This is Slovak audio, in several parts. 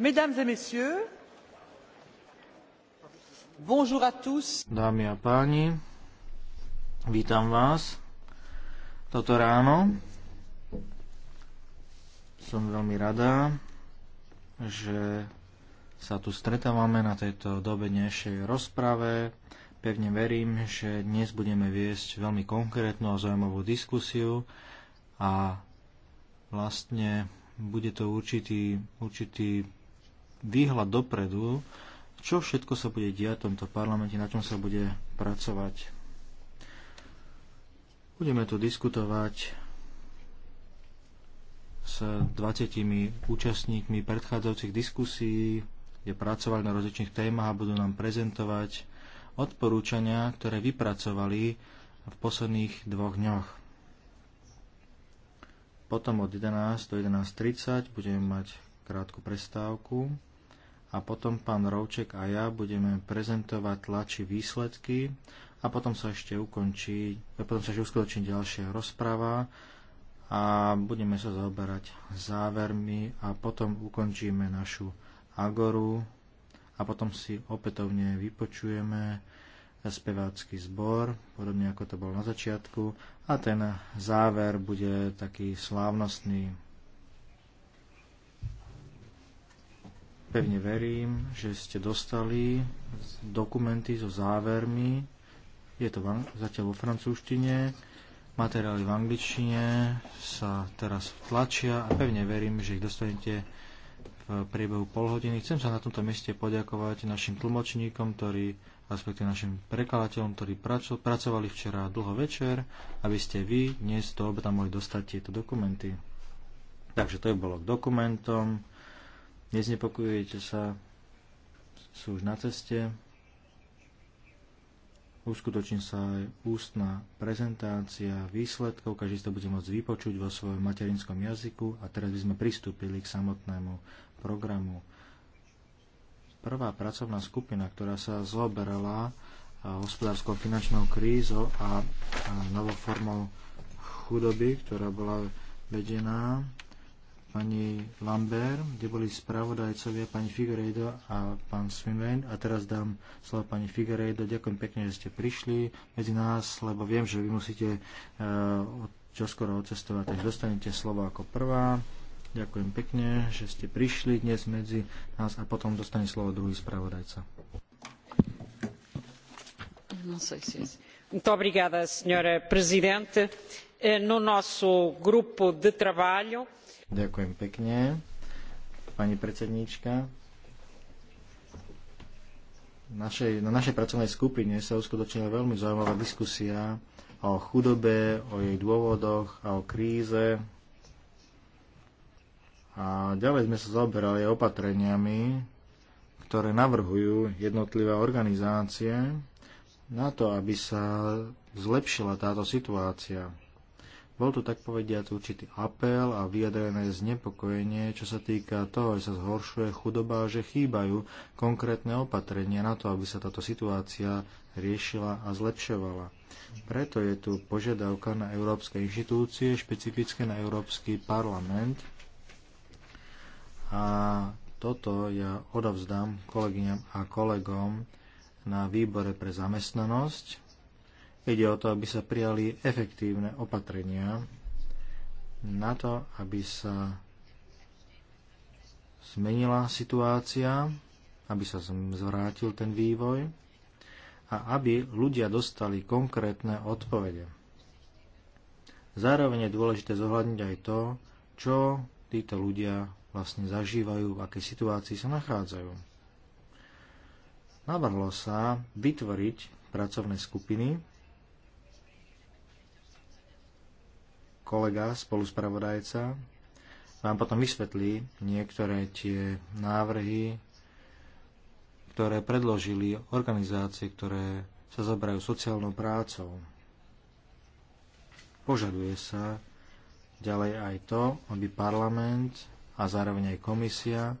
mesdames et messieurs bonjour à tous dámy a páni vítam vás toto ráno som veľmi rada že sa tu stretávame na tejto dobednejšej rozprave pevne verím že dnes budeme viesť veľmi konkrétnu a zaujímavú diskusiu a vlastne bude to určitý, určitý výhľad dopredu, čo všetko sa bude diať v tomto parlamente, na čom sa bude pracovať. Budeme tu diskutovať s 20 účastníkmi predchádzajúcich diskusí, kde pracovali na rozličných témach a budú nám prezentovať odporúčania, ktoré vypracovali v posledných dvoch dňoch. Potom od 11 do 11.30 budeme mať krátku prestávku a potom pán Rovček a ja budeme prezentovať tlači výsledky a potom sa ešte ukončí, a potom sa ešte uskutoční ďalšia rozprava a budeme sa zaoberať závermi a potom ukončíme našu agoru a potom si opätovne vypočujeme spevácky zbor, podobne ako to bolo na začiatku a ten záver bude taký slávnostný Pevne verím, že ste dostali dokumenty so závermi. Je to zatiaľ vo francúzštine. Materiály v angličtine sa teraz tlačia a pevne verím, že ich dostanete v priebehu pol hodiny. Chcem sa na tomto mieste poďakovať našim tlmočníkom, ktorí, respektíve našim prekladateľom, ktorí pracovali včera dlho večer, aby ste vy dnes do obeda mohli dostať tieto dokumenty. Takže to je bolo k dokumentom. Neznepokojujete sa, sú už na ceste. Uskutoční sa aj ústna prezentácia výsledkov, každý to bude môcť vypočuť vo svojom materinskom jazyku a teraz by sme pristúpili k samotnému programu. Prvá pracovná skupina, ktorá sa zoberala hospodárskou finančnou krízou a novou formou chudoby, ktorá bola vedená pani Lambert, kde boli spravodajcovia pani Figueiredo a pán Swinwain. A teraz dám slovo pani Figueiredo. Ďakujem pekne, že ste prišli medzi nás, lebo viem, že vy musíte e, čoskoro odcestovať, takže dostanete slovo ako prvá. Ďakujem pekne, že ste prišli dnes medzi nás a potom dostane slovo druhý spravodajca. No Muito obrigada, senhora presidente. Eh, no nosso grupo de trabalho Ďakujem pekne. Pani predsedníčka, našej, na našej pracovnej skupine sa uskutočnila veľmi zaujímavá diskusia o chudobe, o jej dôvodoch a o kríze. A ďalej sme sa zaoberali opatreniami, ktoré navrhujú jednotlivé organizácie na to, aby sa zlepšila táto situácia. Bol tu tak povediať určitý apel a vyjadrené znepokojenie, čo sa týka toho, že sa zhoršuje chudoba a že chýbajú konkrétne opatrenia na to, aby sa táto situácia riešila a zlepšovala. Preto je tu požiadavka na európske inštitúcie, špecifické na Európsky parlament. A toto ja odovzdám kolegyňam a kolegom na výbore pre zamestnanosť Ide o to, aby sa prijali efektívne opatrenia na to, aby sa zmenila situácia, aby sa zvrátil ten vývoj a aby ľudia dostali konkrétne odpovede. Zároveň je dôležité zohľadniť aj to, čo títo ľudia vlastne zažívajú, v akej situácii sa nachádzajú. Navrhlo sa vytvoriť pracovné skupiny, kolega, spoluspravodajca, vám potom vysvetlí niektoré tie návrhy, ktoré predložili organizácie, ktoré sa zabrajú sociálnou prácou. Požaduje sa ďalej aj to, aby parlament a zároveň aj komisia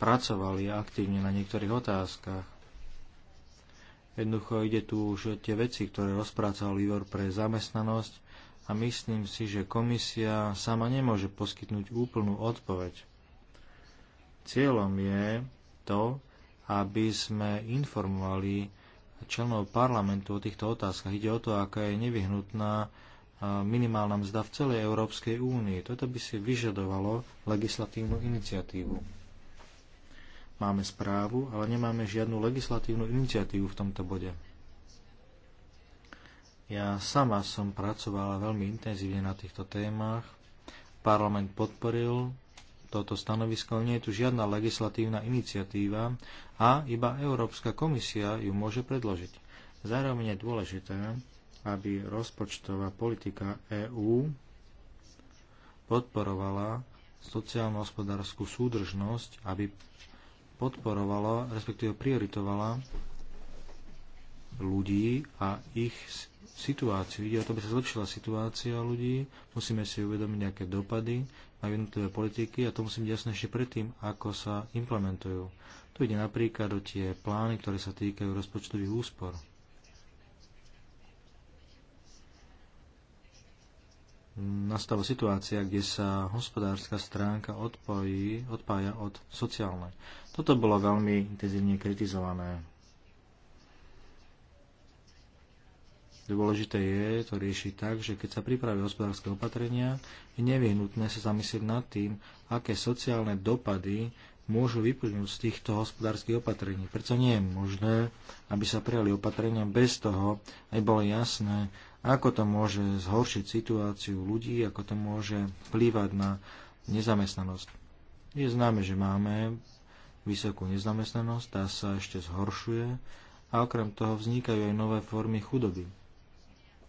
pracovali aktívne na niektorých otázkach. Jednoducho ide tu už tie veci, ktoré rozprácal výbor pre zamestnanosť, a myslím si, že komisia sama nemôže poskytnúť úplnú odpoveď. Cieľom je to, aby sme informovali členov parlamentu o týchto otázkach. Ide o to, aká je nevyhnutná minimálna mzda v celej Európskej únii. Toto by si vyžadovalo legislatívnu iniciatívu. Máme správu, ale nemáme žiadnu legislatívnu iniciatívu v tomto bode. Ja sama som pracovala veľmi intenzívne na týchto témach. Parlament podporil toto stanovisko, nie je tu žiadna legislatívna iniciatíva a iba Európska komisia ju môže predložiť. Zároveň je dôležité, aby rozpočtová politika EÚ podporovala sociálno-hospodárskú súdržnosť, aby podporovala, respektíve prioritovala ľudí a ich situáciu. Ide o to, aby sa zlepšila situácia ľudí, musíme si uvedomiť nejaké dopady na jednotlivé politiky a to musí byť jasnejšie predtým, ako sa implementujú. Tu ide napríklad o tie plány, ktoré sa týkajú rozpočtových úspor. nastáva situácia, kde sa hospodárska stránka odpojí, odpája od sociálnej. Toto bolo veľmi intenzívne kritizované. Dôležité je to riešiť tak, že keď sa pripravia hospodárske opatrenia, je nevyhnutné sa zamyslieť nad tým, aké sociálne dopady môžu vyplynúť z týchto hospodárskych opatrení. Preto nie je možné, aby sa prijali opatrenia bez toho, aby bolo jasné, ako to môže zhoršiť situáciu ľudí, ako to môže vplývať na nezamestnanosť. Je známe, že máme vysokú nezamestnanosť, tá sa ešte zhoršuje a okrem toho vznikajú aj nové formy chudoby.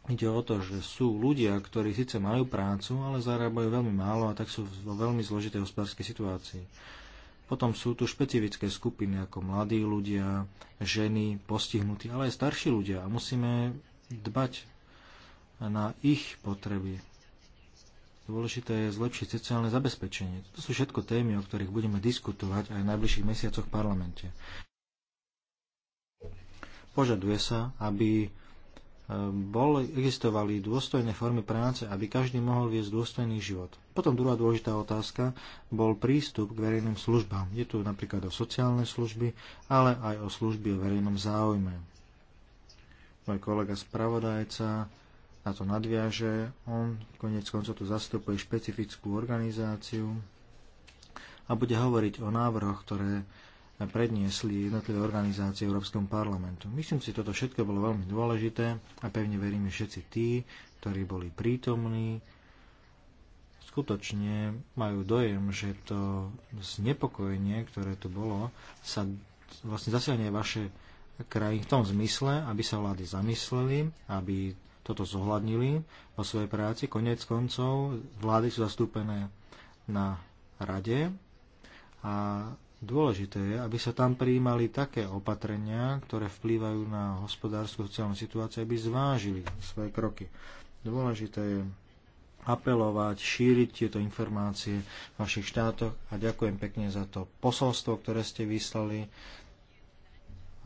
Ide o to, že sú ľudia, ktorí síce majú prácu, ale zarábajú veľmi málo a tak sú vo veľmi zložitej hospodárskej situácii. Potom sú tu špecifické skupiny ako mladí ľudia, ženy, postihnutí, ale aj starší ľudia a musíme dbať na ich potreby. Dôležité je zlepšiť sociálne zabezpečenie. To sú všetko témy, o ktorých budeme diskutovať aj v najbližších mesiacoch v parlamente. Požaduje sa, aby Ehm, bol, existovali dôstojné formy práce, aby každý mohol viesť dôstojný život. Potom druhá dôležitá otázka bol prístup k verejným službám. Je tu napríklad o sociálne služby, ale aj o služby o verejnom záujme. Môj kolega spravodajca na to nadviaže, on konec koncov tu zastupuje špecifickú organizáciu a bude hovoriť o návrhoch, ktoré predniesli jednotlivé organizácie Európskom parlamentu. Myslím si, toto všetko bolo veľmi dôležité a pevne verím, že všetci tí, ktorí boli prítomní, skutočne majú dojem, že to znepokojenie, ktoré tu bolo, sa vlastne zasiahne vaše krajiny v tom zmysle, aby sa vlády zamysleli, aby toto zohľadnili vo svojej práci. Konec koncov vlády sú zastúpené na rade a Dôležité je, aby sa tam prijímali také opatrenia, ktoré vplývajú na hospodárskú sociálnu situáciu, aby zvážili svoje kroky. Dôležité je apelovať, šíriť tieto informácie v vašich štátoch a ďakujem pekne za to posolstvo, ktoré ste vyslali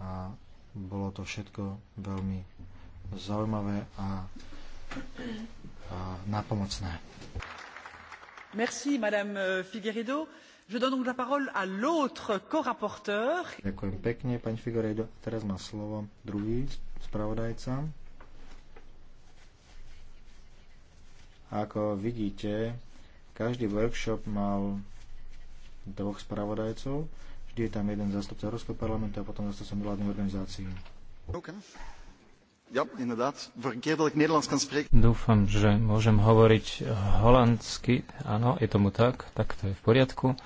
a bolo to všetko veľmi zaujímavé a, a napomocné. Merci, madame Figueredo. Je donne donc la parole à l'autre corapporteur. Ďakujem pekne, pani Figueiredo. Teraz má slovo druhý spravodajca. Ako vidíte, každý workshop mal dvoch spravodajcov. Vždy je tam jeden zástupca Európskeho parlamentu a potom zástupca mimovládnych organizácií. Ja, inderdaad. Verkeerd ik Nederlands kan spreken. Dúfam, že môžem hovoriť holandsky. Áno, je tomu tak. Tak to je v poriadku.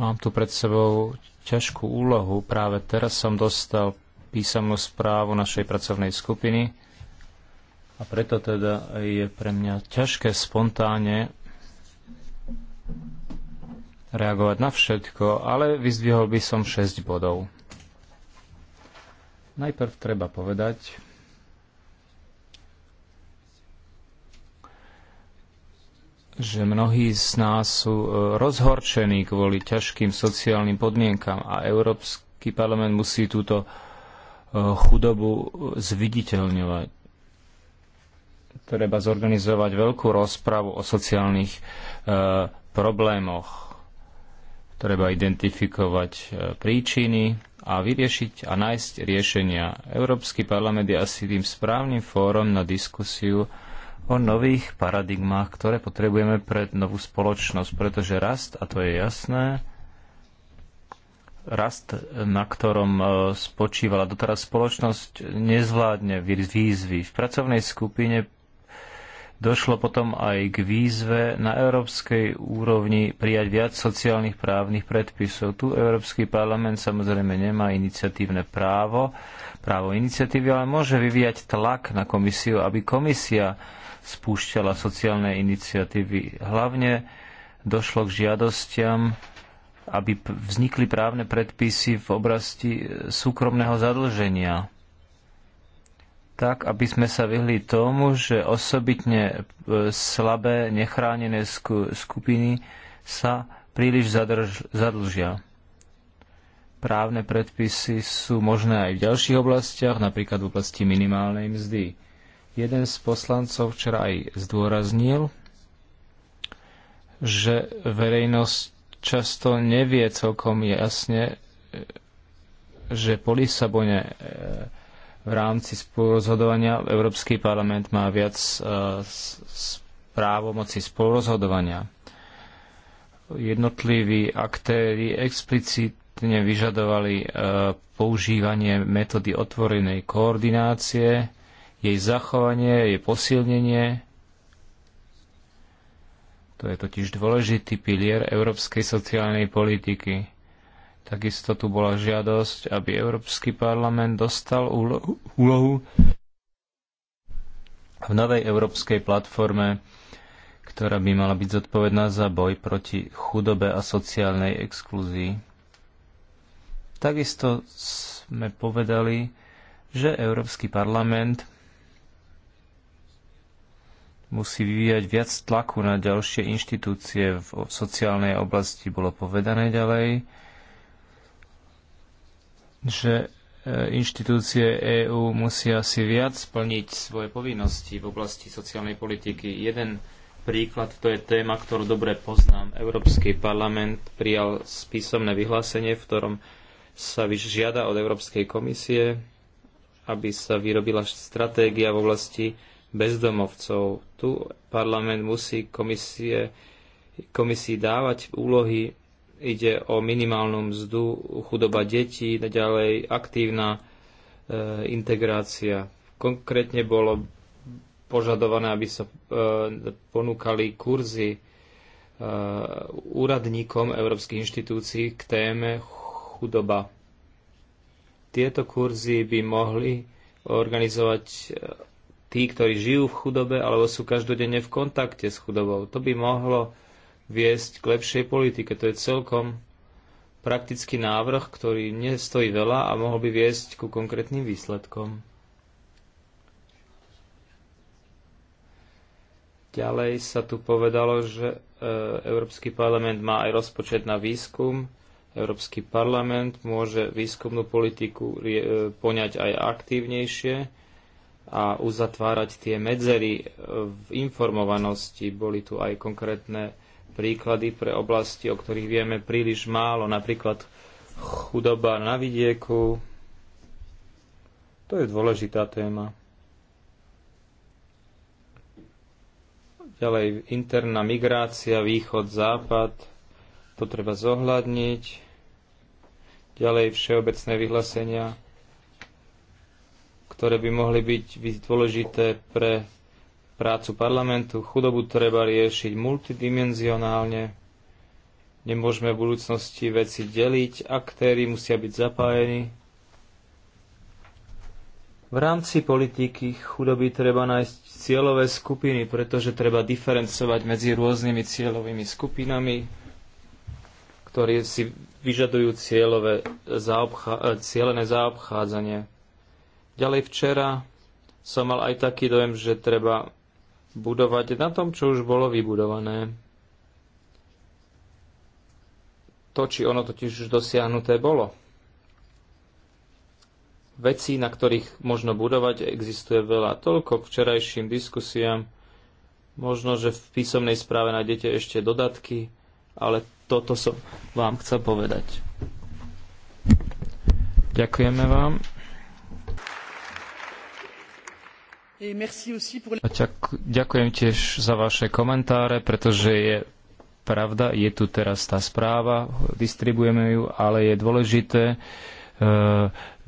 Mám tu pred sebou ťažkú úlohu. Práve teraz som dostal písomnú správu našej pracovnej skupiny a preto teda je pre mňa ťažké spontáne reagovať na všetko, ale vyzdvihol by som 6 bodov. Najprv treba povedať, že mnohí z nás sú e, rozhorčení kvôli ťažkým sociálnym podmienkam a Európsky parlament musí túto e, chudobu e, zviditeľňovať. Treba zorganizovať veľkú rozpravu o sociálnych problémoch. Treba identifikovať príčiny a vyriešiť a nájsť riešenia. Európsky parlament je asi tým správnym fórom na diskusiu o nových paradigmách, ktoré potrebujeme pre novú spoločnosť, pretože rast, a to je jasné, rast, na ktorom e, spočívala doteraz spoločnosť, nezvládne výzvy. V pracovnej skupine došlo potom aj k výzve na európskej úrovni prijať viac sociálnych právnych predpisov. Tu Európsky parlament samozrejme nemá iniciatívne právo, právo iniciatívy, ale môže vyvíjať tlak na komisiu, aby komisia spúšťala sociálne iniciatívy. Hlavne došlo k žiadostiam, aby vznikli právne predpisy v oblasti e, súkromného zadlženia tak, aby sme sa vyhli tomu, že osobitne e, slabé, nechránené skupiny sa príliš zadrž, zadlžia. Právne predpisy sú možné aj v ďalších oblastiach, napríklad v oblasti minimálnej mzdy. Jeden z poslancov včera aj zdôraznil, že verejnosť často nevie celkom jasne, že po Lisabone e, v rámci spolurozhodovania Európsky parlament má viac e, právomoci spolurozhodovania. Jednotliví aktéry explicitne vyžadovali e, používanie metódy otvorenej koordinácie, jej zachovanie, jej posilnenie. To je totiž dôležitý pilier európskej sociálnej politiky. Takisto tu bola žiadosť, aby Európsky parlament dostal úlohu v novej európskej platforme, ktorá by mala byť zodpovedná za boj proti chudobe a sociálnej exklúzii. Takisto sme povedali, že Európsky parlament musí vyvíjať viac tlaku na ďalšie inštitúcie v sociálnej oblasti, bolo povedané ďalej, že e, inštitúcie EÚ musia si viac splniť svoje povinnosti v oblasti sociálnej politiky. Jeden príklad, to je téma, ktorú dobre poznám. Európsky parlament prijal spísomné vyhlásenie, v ktorom sa žiada od Európskej komisie, aby sa vyrobila stratégia v oblasti bezdomovcov. Tu parlament musí komisie, komisii dávať úlohy, ide o minimálnu mzdu, chudoba detí, ďalej aktívna e, integrácia. Konkrétne bolo požadované, aby sa e, ponúkali kurzy e, úradníkom európskych inštitúcií k téme chudoba. Tieto kurzy by mohli organizovať tí, ktorí žijú v chudobe alebo sú každodenne v kontakte s chudobou. To by mohlo viesť k lepšej politike. To je celkom praktický návrh, ktorý nestojí veľa a mohol by viesť ku konkrétnym výsledkom. Ďalej sa tu povedalo, že e, Európsky parlament má aj rozpočet na výskum. Európsky parlament môže výskumnú politiku e, poňať aj aktívnejšie a uzatvárať tie medzery e, v informovanosti. Boli tu aj konkrétne príklady pre oblasti, o ktorých vieme príliš málo, napríklad chudoba na vidieku. To je dôležitá téma. Ďalej interná migrácia, východ, západ. To treba zohľadniť. Ďalej všeobecné vyhlásenia ktoré by mohli byť dôležité pre prácu parlamentu. Chudobu treba riešiť multidimenzionálne. Nemôžeme v budúcnosti veci deliť. Aktéry musia byť zapájení. V rámci politiky chudoby treba nájsť cieľové skupiny, pretože treba diferencovať medzi rôznymi cieľovými skupinami, ktoré si vyžadujú cieľové zaobchá- eh, cieľené zaobchádzanie Ďalej včera som mal aj taký dojem, že treba budovať na tom, čo už bolo vybudované. To, či ono totiž už dosiahnuté bolo. Vecí, na ktorých možno budovať, existuje veľa. Toľko k včerajším diskusiám. Možno, že v písomnej správe nájdete ešte dodatky, ale toto som vám chcel povedať. Ďakujeme vám. Ďakujem tiež za vaše komentáre, pretože je pravda, je tu teraz tá správa, distribuujeme ju, ale je dôležité e,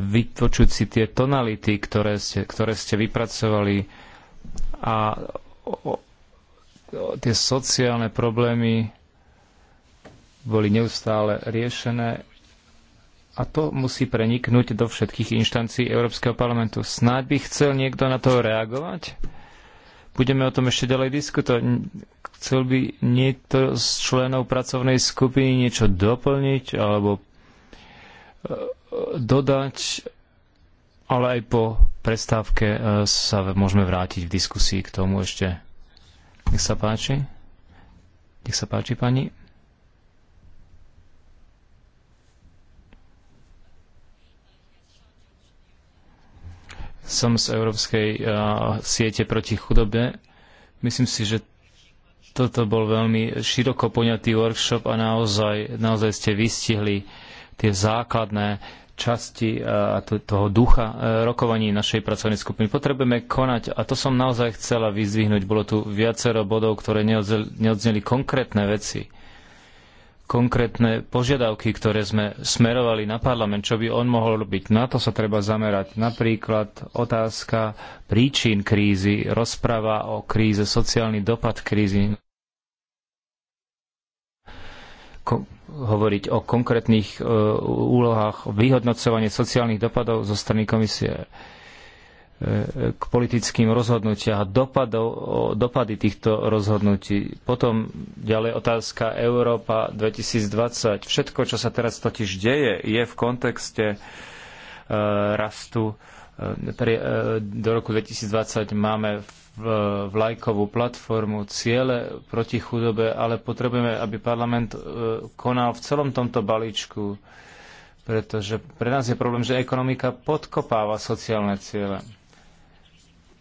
vypočuť si tie tonality, ktoré ste, ktoré ste vypracovali a o, o, tie sociálne problémy boli neustále riešené a to musí preniknúť do všetkých inštancií Európskeho parlamentu. Snáď by chcel niekto na to reagovať? Budeme o tom ešte ďalej diskutovať. Chcel by niekto z členov pracovnej skupiny niečo doplniť alebo e, dodať, ale aj po prestávke e, sa môžeme vrátiť v diskusii k tomu ešte. Nech sa páči. Nech sa páči, pani. Som z Európskej eh, siete proti chudobe. Myslím si, že toto bol veľmi široko poňatý workshop a naozaj, naozaj ste vystihli tie základné časti eh, a toho ducha eh, rokovaní našej pracovnej skupiny. Potrebujeme konať a to som naozaj chcela vyzdvihnúť. Bolo tu viacero bodov, ktoré neodzneli konkrétne veci konkrétne požiadavky, ktoré sme smerovali na parlament, čo by on mohol robiť. Na to sa treba zamerať. Napríklad otázka príčin krízy, rozprava o kríze, sociálny dopad krízy. Ko- hovoriť o konkrétnych e, úlohách, vyhodnocovanie sociálnych dopadov zo strany komisie. E, k politickým rozhodnutiam a dopady týchto rozhodnutí. Potom ďalej otázka Európa 2020. Všetko, čo sa teraz totiž deje, je v kontexte e, rastu. E, e, do roku 2020 máme vlajkovú platformu, ciele proti chudobe, ale potrebujeme, aby parlament konal v celom tomto balíčku, pretože pre nás je problém, že ekonomika podkopáva sociálne ciele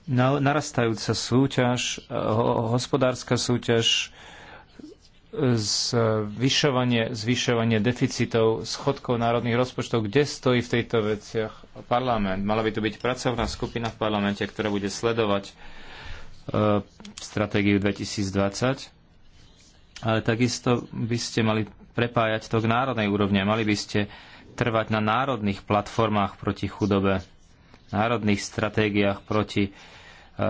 narastajúca súťaž, eh, hospodárska súťaž, eh, zvyšovanie, zvyšovanie deficitov, schodkov národných rozpočtov, kde stojí v tejto veciach parlament. Mala by tu byť pracovná skupina v parlamente, ktorá bude sledovať uh, stratégiu 2020, ale takisto by ste mali prepájať to k národnej úrovne. Mali by ste trvať na národných platformách proti chudobe národných stratégiách proti e, e, e,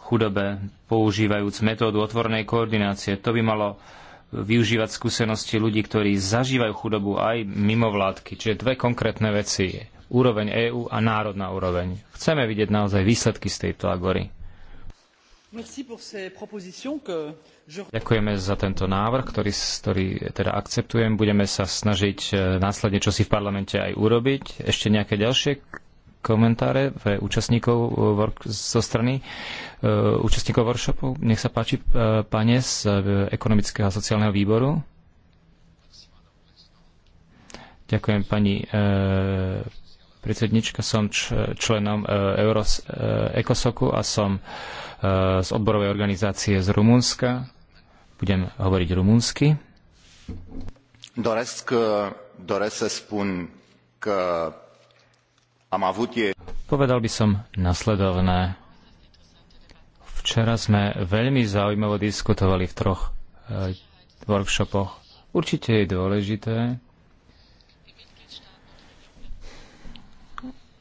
chudobe, používajúc metódu otvornej koordinácie. To by malo využívať skúsenosti ľudí, ktorí zažívajú chudobu aj mimo vládky. Čiže dve konkrétne veci. Úroveň EÚ a národná úroveň. Chceme vidieť naozaj výsledky z tejto agory. Ďakujeme za tento návrh, ktorý, ktorý teda akceptujem. Budeme sa snažiť e, následne čosi si v parlamente aj urobiť. Ešte nejaké ďalšie komentáre pre účastníkov e, work, zo strany e, účastníkov workshopu? Nech sa páči, pane z ekonomického a sociálneho výboru. Ďakujem pani predsednička, som členom e, Euros, e, Ekosoku a som e, z odborovej organizácie z Rumunska. Budem hovoriť rumunsky. Doresc, doresc să spun că am avut Povedal by som nasledovné. Včera sme veľmi zaujímavo diskutovali v troch workshopoch. Určite je dôležité,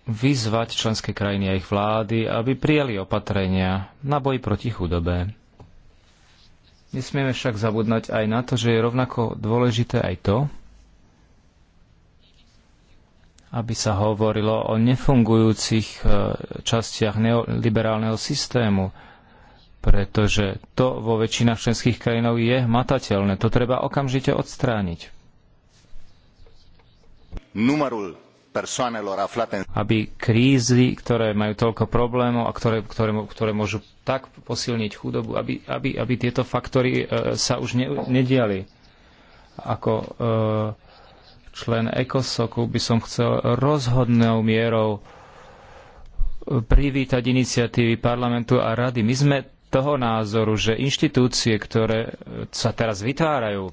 vyzvať členské krajiny a ich vlády, aby prijali opatrenia na boj proti chudobe. Nesmieme však zabudnať aj na to, že je rovnako dôležité aj to, aby sa hovorilo o nefungujúcich e, častiach neoliberálneho systému, pretože to vo väčšinách členských krajinov je matateľné. To treba okamžite odstrániť. Numarul aby krízy, ktoré majú toľko problémov a ktoré, ktoré, ktoré môžu tak posilniť chudobu, aby, aby, aby tieto faktory e, sa už ne, nediali. Ako e, člen Ekosoku by som chcel rozhodnou mierou e, privítať iniciatívy parlamentu a rady. My sme toho názoru, že inštitúcie, ktoré sa teraz vytvárajú,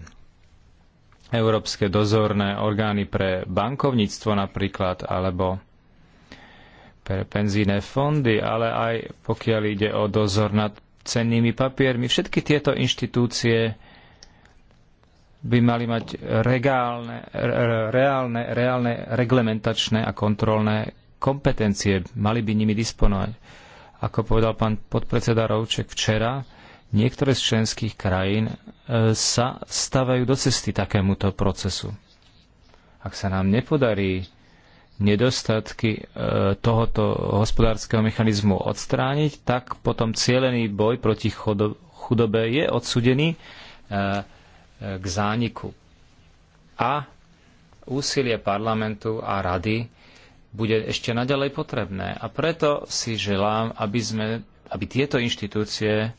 európske dozorné orgány pre bankovníctvo napríklad, alebo pre penzíne fondy, ale aj pokiaľ ide o dozor nad cennými papiermi. Všetky tieto inštitúcie by mali mať regálne, reálne, reálne reglementačné a kontrolné kompetencie. Mali by nimi disponovať. Ako povedal pán podpredseda Rovček včera, Niektoré z členských krajín e, sa stavajú do cesty takémuto procesu. Ak sa nám nepodarí nedostatky e, tohoto hospodárskeho mechanizmu odstrániť, tak potom cielený boj proti chudobe je odsudený e, k zániku. A úsilie parlamentu a rady bude ešte naďalej potrebné. A preto si želám, aby, sme, aby tieto inštitúcie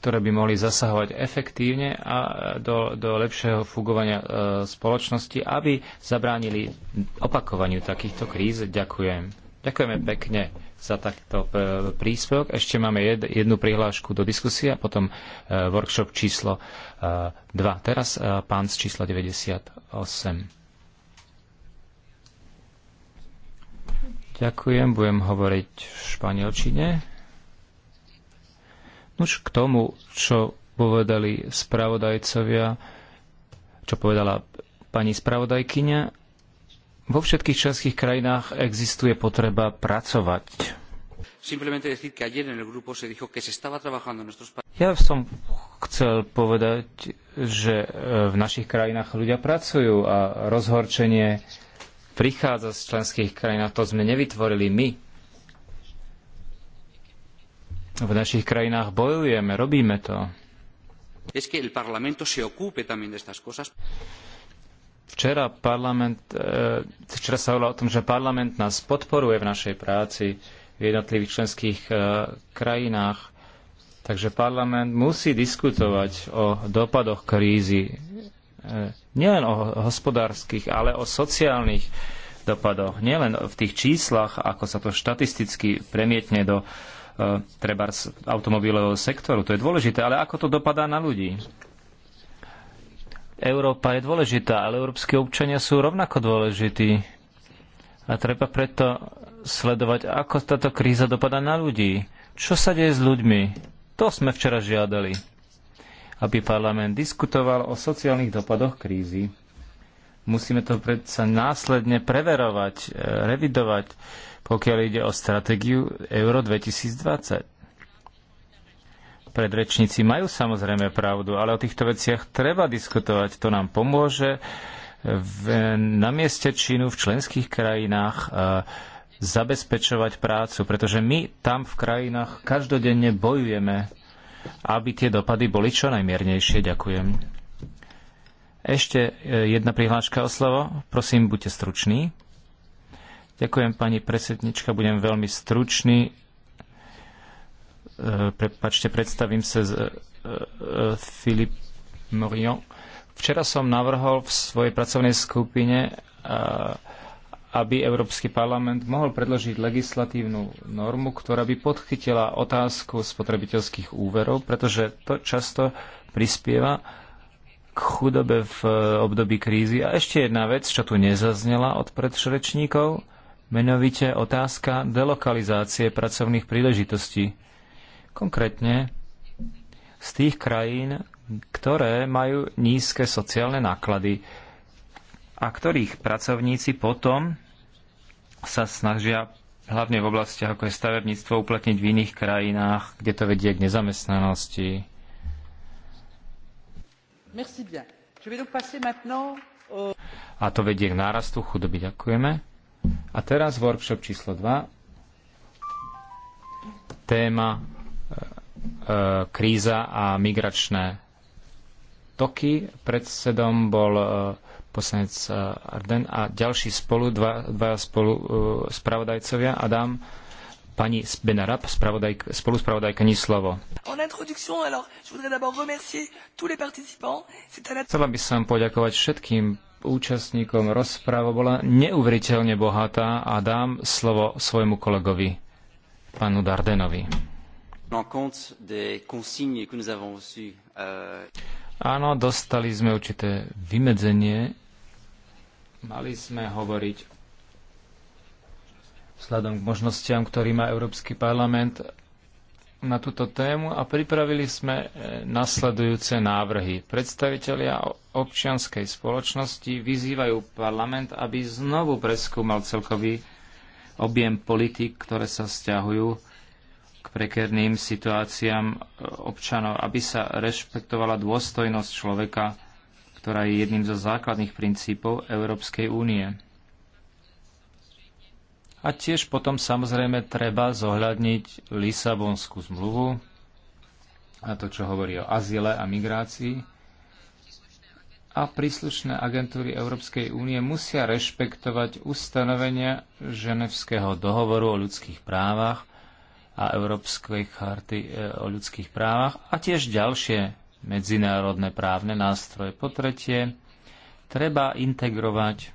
ktoré by mohli zasahovať efektívne a do, do lepšieho fungovania e, spoločnosti, aby zabránili opakovaniu takýchto kríz. Ďakujem. Ďakujeme pekne za takto e, príspevok. Ešte máme jed, jednu prihlášku do diskusie a potom e, workshop číslo e, 2. Teraz e, pán z čísla 98. Ďakujem, budem hovoriť v španielčine. Nuž k tomu, čo povedali spravodajcovia, čo povedala pani spravodajkyňa, vo všetkých členských krajinách existuje potreba pracovať. Ja som chcel povedať, že e, v našich krajinách ľudia pracujú a rozhorčenie prichádza z členských krajín a to sme nevytvorili my, v našich krajinách bojujeme, robíme to. Včera, parlament, eh, včera sa hovorilo o tom, že parlament nás podporuje v našej práci v jednotlivých členských eh, krajinách. Takže parlament musí diskutovať o dopadoch krízy. Eh, nielen o hospodárskych, ale o sociálnych dopadoch. Nielen v tých číslach, ako sa to štatisticky premietne do E, treba z automobilového sektoru. To je dôležité, ale ako to dopadá na ľudí? Európa je dôležitá, ale európske občania sú rovnako dôležití. A treba preto sledovať, ako táto kríza dopadá na ľudí. Čo sa deje s ľuďmi? To sme včera žiadali, aby parlament diskutoval o sociálnych dopadoch krízy Musíme to predsa následne preverovať, e, revidovať, pokiaľ ide o stratégiu Euro 2020. Predrečníci majú samozrejme pravdu, ale o týchto veciach treba diskutovať. To nám pomôže v, na mieste Čínu v členských krajinách e, zabezpečovať prácu, pretože my tam v krajinách každodenne bojujeme aby tie dopady boli čo najmiernejšie. Ďakujem. Ešte e, jedna prihláška o slovo. Prosím, buďte struční. Ďakujem, pani predsednička, budem veľmi stručný. E, prepačte, predstavím sa z e, Filip Morillon. Včera som navrhol v svojej pracovnej skupine, aby Európsky parlament mohol predložiť legislatívnu normu, ktorá by podchytila otázku spotrebiteľských úverov, pretože to často prispieva k chudobe v e, období krízy. A ešte jedna vec, čo tu nezaznela od predšrečníkov, menovite otázka delokalizácie pracovných príležitostí. Konkrétne z tých krajín, ktoré majú nízke sociálne náklady a ktorých pracovníci potom sa snažia hlavne v oblastiach ako je stavebníctvo uplatniť v iných krajinách, kde to vedie k nezamestnanosti, a to vedie k nárastu chudoby. Ďakujeme. A teraz workshop číslo 2. Téma e, e, kríza a migračné toky. Predsedom bol e, poslanec Arden a ďalší spolu, dva, dva spolu spravodajcovia Adam pani Benarab, spoluspravodajka, ni slovo. Chcela by som poďakovať všetkým účastníkom. Rozpráva bola neuveriteľne bohatá a dám slovo svojmu kolegovi, pánu Dardenovi. Euh, Áno, dostali sme určité vymedzenie. Mali sme hovoriť vzhľadom k možnostiam, ktorý má Európsky parlament na túto tému a pripravili sme e, nasledujúce návrhy. Predstavitelia občianskej spoločnosti vyzývajú parlament, aby znovu preskúmal celkový objem politik, ktoré sa vzťahujú k prekerným situáciám e, občanov, aby sa rešpektovala dôstojnosť človeka, ktorá je jedným zo základných princípov Európskej únie. A tiež potom samozrejme treba zohľadniť Lisabonskú zmluvu a to, čo hovorí o azile a migrácii. A príslušné agentúry Európskej únie musia rešpektovať ustanovenia Ženevského dohovoru o ľudských právach a Európskej charty e, o ľudských právach a tiež ďalšie medzinárodné právne nástroje. Po tretie, treba integrovať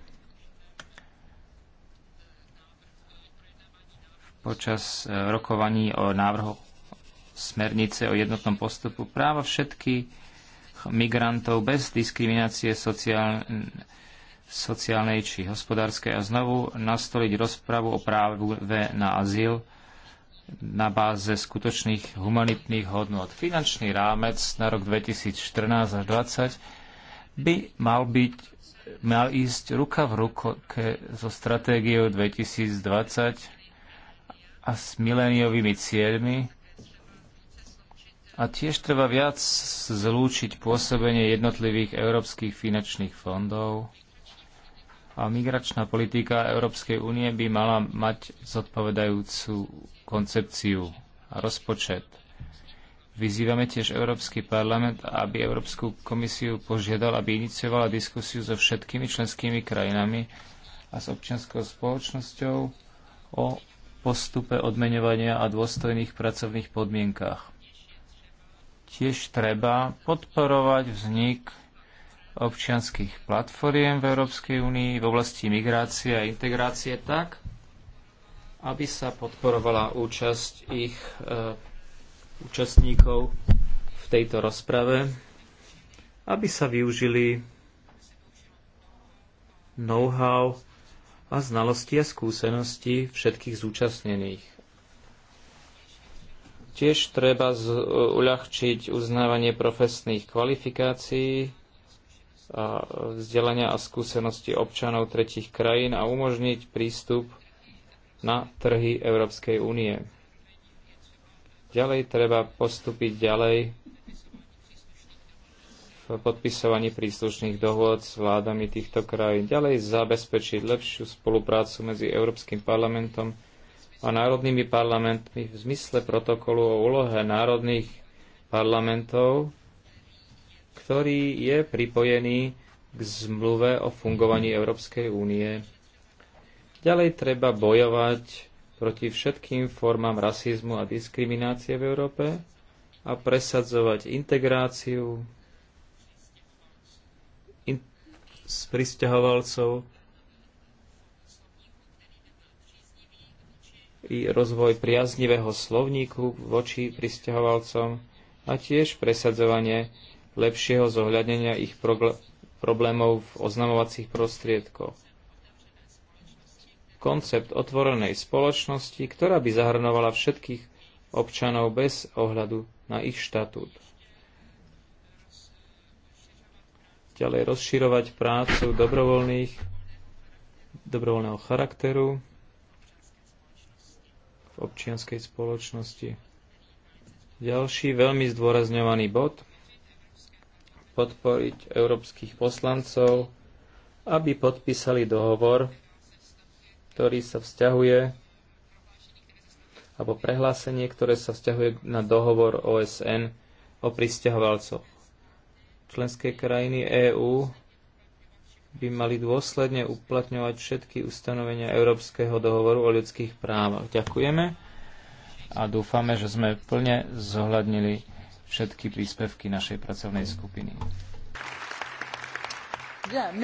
počas e, rokovaní o návrhu smernice o jednotnom postupu práva všetkých migrantov bez diskriminácie sociálnej sociálnej či hospodárskej a znovu nastoliť rozpravu o práve na azyl na báze skutočných humanitných hodnot. Finančný rámec na rok 2014 až 2020 by mal byť mal ísť ruka v ruke so stratégiou 2020 a s miléniovými cieľmi a tiež treba viac zlúčiť pôsobenie jednotlivých európskych finančných fondov a migračná politika Európskej únie by mala mať zodpovedajúcu koncepciu a rozpočet. Vyzývame tiež Európsky parlament, aby Európsku komisiu požiadal, aby iniciovala diskusiu so všetkými členskými krajinami a s občianskou spoločnosťou o postupe odmeňovania a dôstojných pracovných podmienkách. Tiež treba podporovať vznik občianských platformiem v Európskej únii v oblasti migrácie a integrácie tak, aby sa podporovala účasť ich e, účastníkov v tejto rozprave, aby sa využili know-how a znalosti a skúsenosti všetkých zúčastnených. Tiež treba e, uľahčiť uznávanie profesných kvalifikácií, a vzdelania a skúsenosti občanov tretich krajín a umožniť prístup na trhy Európskej únie. Ďalej treba postúpiť ďalej v podpisovaní príslušných dohôd s vládami týchto krajín, ďalej zabezpečiť lepšiu spoluprácu medzi Európskym parlamentom a národnými parlamentmi v zmysle protokolu o úlohe národných parlamentov, ktorý je pripojený k zmluve o fungovaní Európskej únie. Ďalej treba bojovať proti všetkým formám rasizmu a diskriminácie v Európe a presadzovať integráciu, s pristahovalcov i rozvoj priaznivého slovníku voči pristahovalcom a tiež presadzovanie lepšieho zohľadnenia ich problémov v oznamovacích prostriedkoch. Koncept otvorenej spoločnosti, ktorá by zahrnovala všetkých občanov bez ohľadu na ich štatút. ďalej rozširovať prácu dobrovoľných, dobrovoľného charakteru v občianskej spoločnosti. Ďalší veľmi zdôrazňovaný bod podporiť európskych poslancov, aby podpísali dohovor, ktorý sa vzťahuje alebo prehlásenie, ktoré sa vzťahuje na dohovor OSN o pristahovalcoch. Členské krajiny EÚ by mali dôsledne uplatňovať všetky ustanovenia Európskeho dohovoru o ľudských právach. Ďakujeme a dúfame, že sme plne zohľadnili všetky príspevky našej pracovnej skupiny. Euh,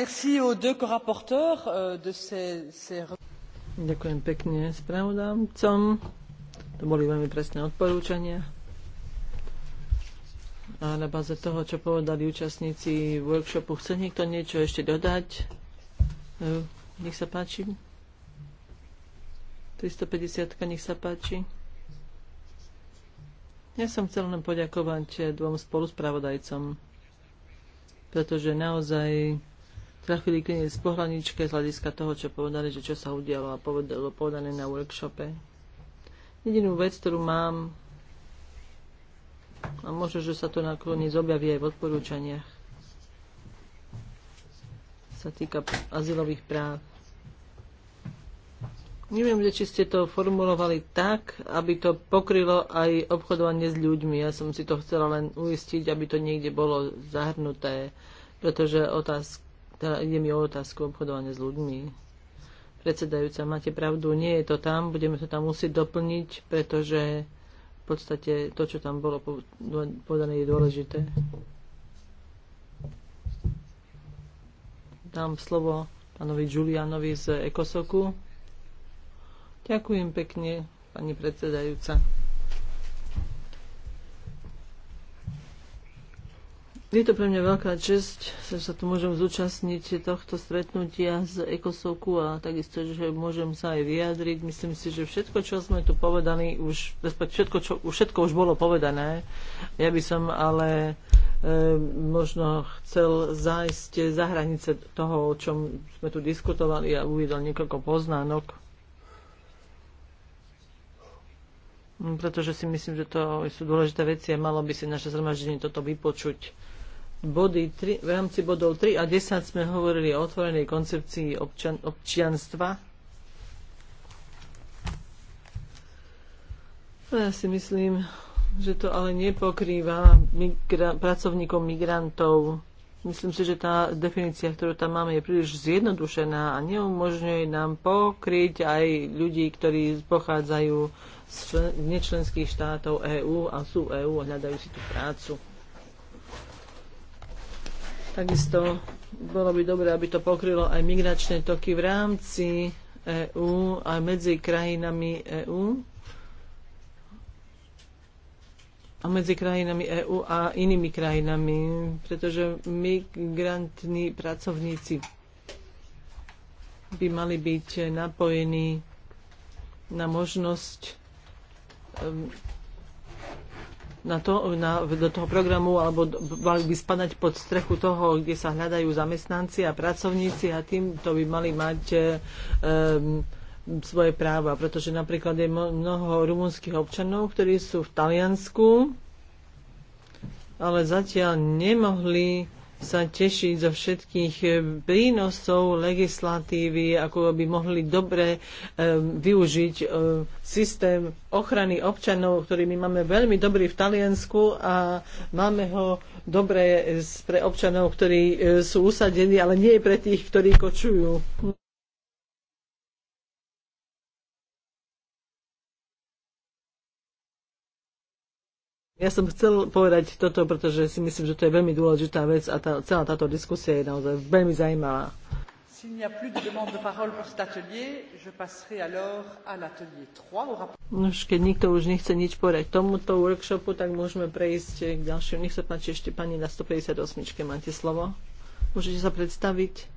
Ďakujem pekne spravodávcom. To boli veľmi presné odporúčania. A na báze toho, čo povedali účastníci workshopu, chce niekto niečo ešte dodať? E, nech sa páči. 350, nech sa páči. Ja som chcel len poďakovať dvom spoluspravodajcom, pretože naozaj trafili klinec po hraničke z hľadiska toho, čo povedali, že čo sa udialo a povedalo povedané na workshope. Jedinú vec, ktorú mám, a môže, že sa to nakoniec objaví aj v odporúčaniach. Sa týka azylových práv. Neviem, či ste to formulovali tak, aby to pokrylo aj obchodovanie s ľuďmi. Ja som si to chcela len uistiť, aby to niekde bolo zahrnuté, pretože otázka, teda ide mi o otázku obchodovania s ľuďmi. Predsedajúca, máte pravdu, nie je to tam, budeme to tam musieť doplniť, pretože v podstate to, čo tam bolo podané, je dôležité. Dám slovo pánovi Giulianovi z Ekosoku. Ďakujem pekne, pani predsedajúca. Je to pre mňa veľká čest, že sa tu môžem zúčastniť tohto stretnutia z Ekosoku a takisto, že môžem sa aj vyjadriť. Myslím si, že všetko, čo sme tu povedali, už, všetko, čo, všetko už bolo povedané. Ja by som ale e, možno chcel zájsť za hranice toho, o čom sme tu diskutovali a uvidel niekoľko poznánok. Pretože si myslím, že to sú dôležité veci a malo by si naše zhromaždenie toto vypočuť body 3, v rámci bodov 3 a 10 sme hovorili o otvorenej koncepcii občan, občianstva. Ja si myslím, že to ale nepokrýva migra- pracovníkom migrantov. Myslím si, že tá definícia, ktorú tam máme, je príliš zjednodušená a neumožňuje nám pokryť aj ľudí, ktorí pochádzajú z nečlenských štátov EÚ a sú EÚ a hľadajú si tú prácu. Takisto bolo by dobré, aby to pokrylo aj migračné toky v rámci EÚ a medzi krajinami EÚ a medzi krajinami EÚ a inými krajinami, pretože migrantní pracovníci by mali byť napojení na možnosť na to, na, do toho programu alebo mali by spadať pod strechu toho, kde sa hľadajú zamestnanci a pracovníci a týmto by mali mať um, svoje práva, pretože napríklad je mnoho rumunských občanov, ktorí sú v Taliansku, ale zatiaľ nemohli sa tešiť zo všetkých eh, prínosov legislatívy, ako by mohli dobre eh, využiť eh, systém ochrany občanov, ktorý my máme veľmi dobrý v Taliansku a máme ho dobre pre občanov, ktorí sú usadení, ale nie pre tých, ktorí kočujú. Ja som chcel povedať toto, pretože si myslím, že to je veľmi dôležitá vec a tá, celá táto diskusia je naozaj veľmi zaujímavá. No už keď nikto už nechce nič povedať tomuto workshopu, tak môžeme prejsť k ďalšiu. Nech sa páči ešte pani na 158. Máte slovo. Môžete sa predstaviť.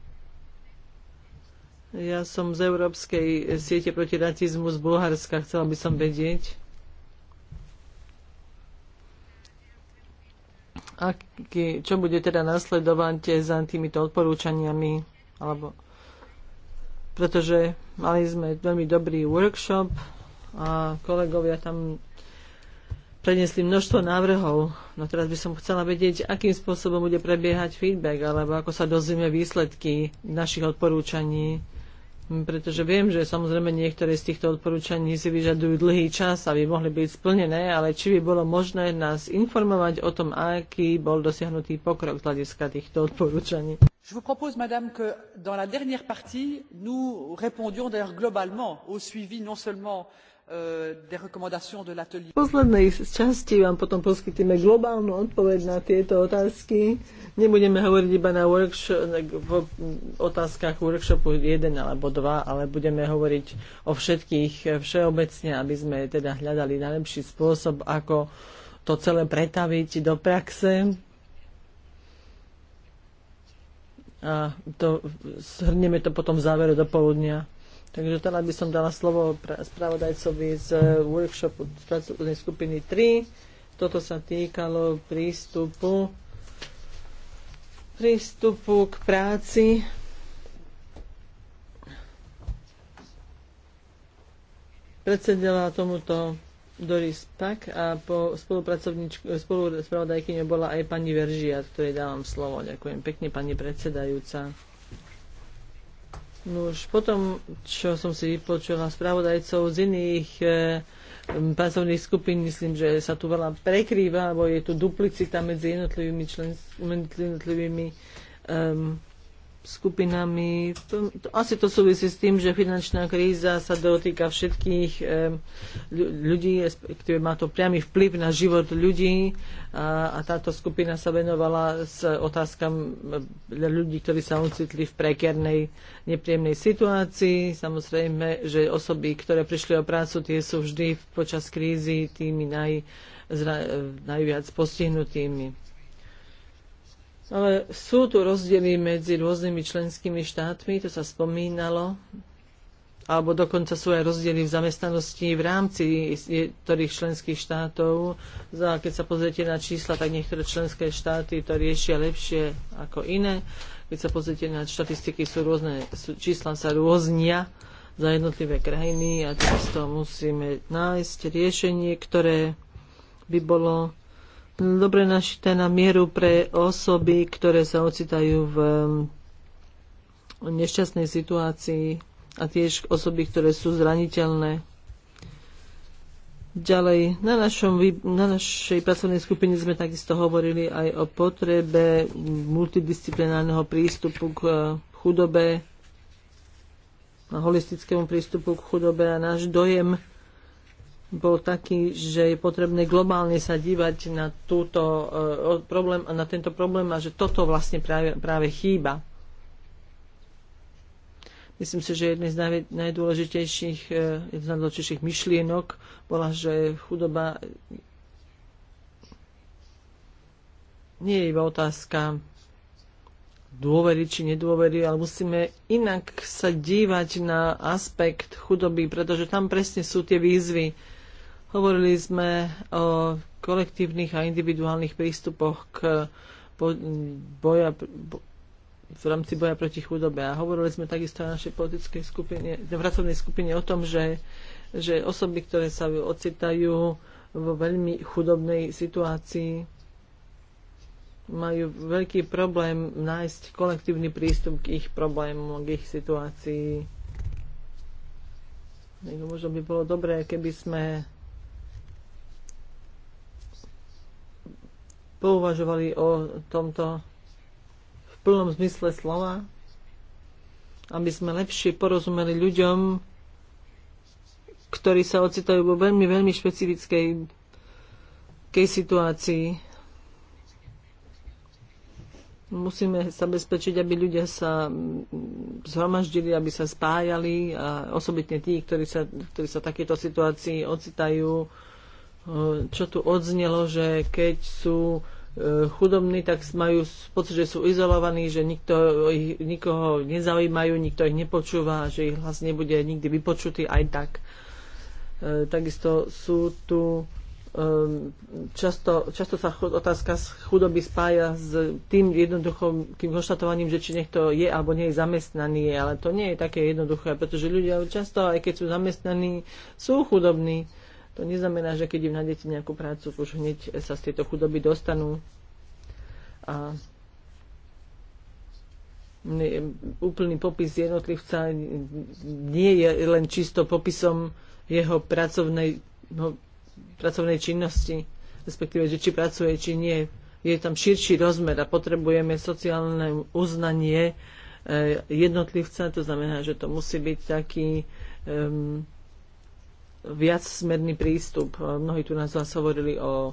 Ja som z Európskej siete proti racizmu z Bulharska. Chcela by som vedieť aký, čo bude teda nasledovať za týmito odporúčaniami, alebo pretože mali sme veľmi dobrý workshop a kolegovia tam prednesli množstvo návrhov. No teraz by som chcela vedieť, akým spôsobom bude prebiehať feedback, alebo ako sa dozvieme výsledky našich odporúčaní pretože viem, že samozrejme niektoré z týchto odporúčaní si vyžadujú dlhý čas, aby mohli byť splnené, ale či by bolo možné nás informovať o tom, aký bol dosiahnutý pokrok z hľadiska týchto odporúčaní. Je vous propose, madame, que dans la dernière partie, nous répondions d'ailleurs globalement au suivi non seulement Euh, v poslednej časti vám potom poskytíme globálnu odpoveď na tieto otázky. Nebudeme hovoriť iba na workshop, v otázkach workshopu 1 alebo 2, ale budeme hovoriť o všetkých všeobecne, aby sme teda hľadali najlepší spôsob, ako to celé pretaviť do praxe. A to, to potom v závere do poludnia. Takže teraz by som dala slovo spravodajcovi z e, workshopu z pracovnej skupiny 3. Toto sa týkalo prístupu prístupu k práci predsedala tomuto Doris Pak a po spolupracovníčku, bola aj pani Veržia, ktorej dávam slovo. Ďakujem pekne, pani predsedajúca. No už potom, čo som si vypočula spravodajcov z iných e, pracovných skupín, myslím, že sa tu veľa prekrýva, alebo je tu duplicita medzi jednotlivými, člen, medzi jednotlivými e, skupinami. To, to, asi to súvisí s tým, že finančná kríza sa dotýka všetkých e, ľudí, respektíve má to priamy vplyv na život ľudí a, a táto skupina sa venovala s otázkam eh, ľudí, ktorí sa ocitli v prekernej, nepríjemnej situácii. Samozrejme, že osoby, ktoré prišli o prácu, tie sú vždy počas krízy tými naj, zra, eh, najviac postihnutými. Ale sú tu rozdiely medzi rôznymi členskými štátmi, to sa spomínalo, alebo dokonca sú aj rozdiely v zamestnanosti v rámci ktorých členských štátov. Keď sa pozriete na čísla, tak niektoré členské štáty to riešia lepšie ako iné. Keď sa pozriete na štatistiky, sú rôzne, sú, čísla sa rôznia za jednotlivé krajiny a takisto musíme nájsť riešenie, ktoré by bolo dobre našité na mieru pre osoby, ktoré sa ocitajú v um, nešťastnej situácii a tiež osoby, ktoré sú zraniteľné. Ďalej, na, našom, na našej pracovnej skupine sme takisto hovorili aj o potrebe multidisciplinárneho prístupu k uh, chudobe, holistickému prístupu k chudobe a náš dojem bol taký, že je potrebné globálne sa dívať na, túto, e, problém, na tento problém a že toto vlastne práve, práve chýba. Myslím si, že jedna z najdôležitejších, e, jedna z najdôležitejších myšlienok bola, že chudoba nie je iba otázka dôvery či nedôvery, ale musíme inak sa dívať na aspekt chudoby, pretože tam presne sú tie výzvy, Hovorili sme o kolektívnych a individuálnych prístupoch k boja, v rámci boja proti chudobe. A hovorili sme takisto o našej politickej skupine, pracovnej skupine o tom, že, že osoby, ktoré sa ocitajú vo veľmi chudobnej situácii, majú veľký problém nájsť kolektívny prístup k ich problému, k ich situácii. Možno by bolo dobré, keby sme pouvažovali o tomto v plnom zmysle slova, aby sme lepšie porozumeli ľuďom, ktorí sa ocitajú vo veľmi, veľmi špecifickej kej situácii. Musíme sa bezpečiť, aby ľudia sa zhromaždili, aby sa spájali a osobitne tí, ktorí sa, ktorí sa v takéto situácii ocitajú. Čo tu odznelo, že keď sú Eh, chudobní, tak majú pocit, že sú izolovaní, že nikto, ich, nikoho nezaujímajú, nikto ich nepočúva, že ich hlas nebude nikdy vypočutý aj tak. Eh, takisto sú tu ehm, často, často sa otázka z chudoby spája s tým jednoduchým konštatovaním, že či niekto je alebo nie je zamestnaný, ale to nie je také jednoduché, pretože ľudia často, aj keď sú zamestnaní, sú chudobní. To neznamená, že keď im nájdete nejakú prácu, už hneď sa z tejto chudoby dostanú. A úplný popis jednotlivca nie je len čisto popisom jeho pracovnej, no, pracovnej činnosti, respektíve, že či pracuje, či nie. Je tam širší rozmer a potrebujeme sociálne uznanie eh, jednotlivca, to znamená, že to musí byť taký um, viac smerný prístup. Mnohí tu nás zase hovorili o e,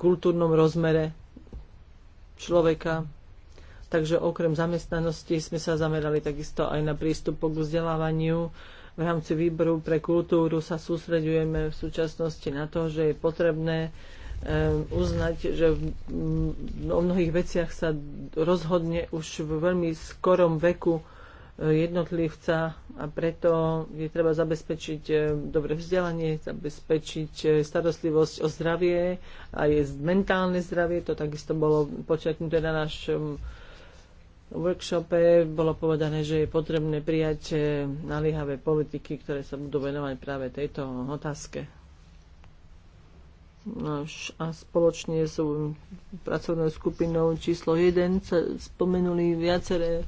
kultúrnom rozmere človeka. Takže okrem zamestnanosti sme sa zamerali takisto aj na prístup k vzdelávaniu. V rámci výboru pre kultúru sa sústreďujeme v súčasnosti na to, že je potrebné e, uznať, že o mnohých veciach sa rozhodne už v veľmi skorom veku jednotlivca a preto je treba zabezpečiť eh, dobre vzdelanie, zabezpečiť eh, starostlivosť o zdravie a je mentálne zdravie. To takisto bolo počiatnuté na našom workshope. Bolo povedané, že je potrebné prijať eh, naliehavé politiky, ktoré sa budú venovať práve tejto otázke no, a spoločne s pracovnou skupinou číslo 1 spomenuli viaceré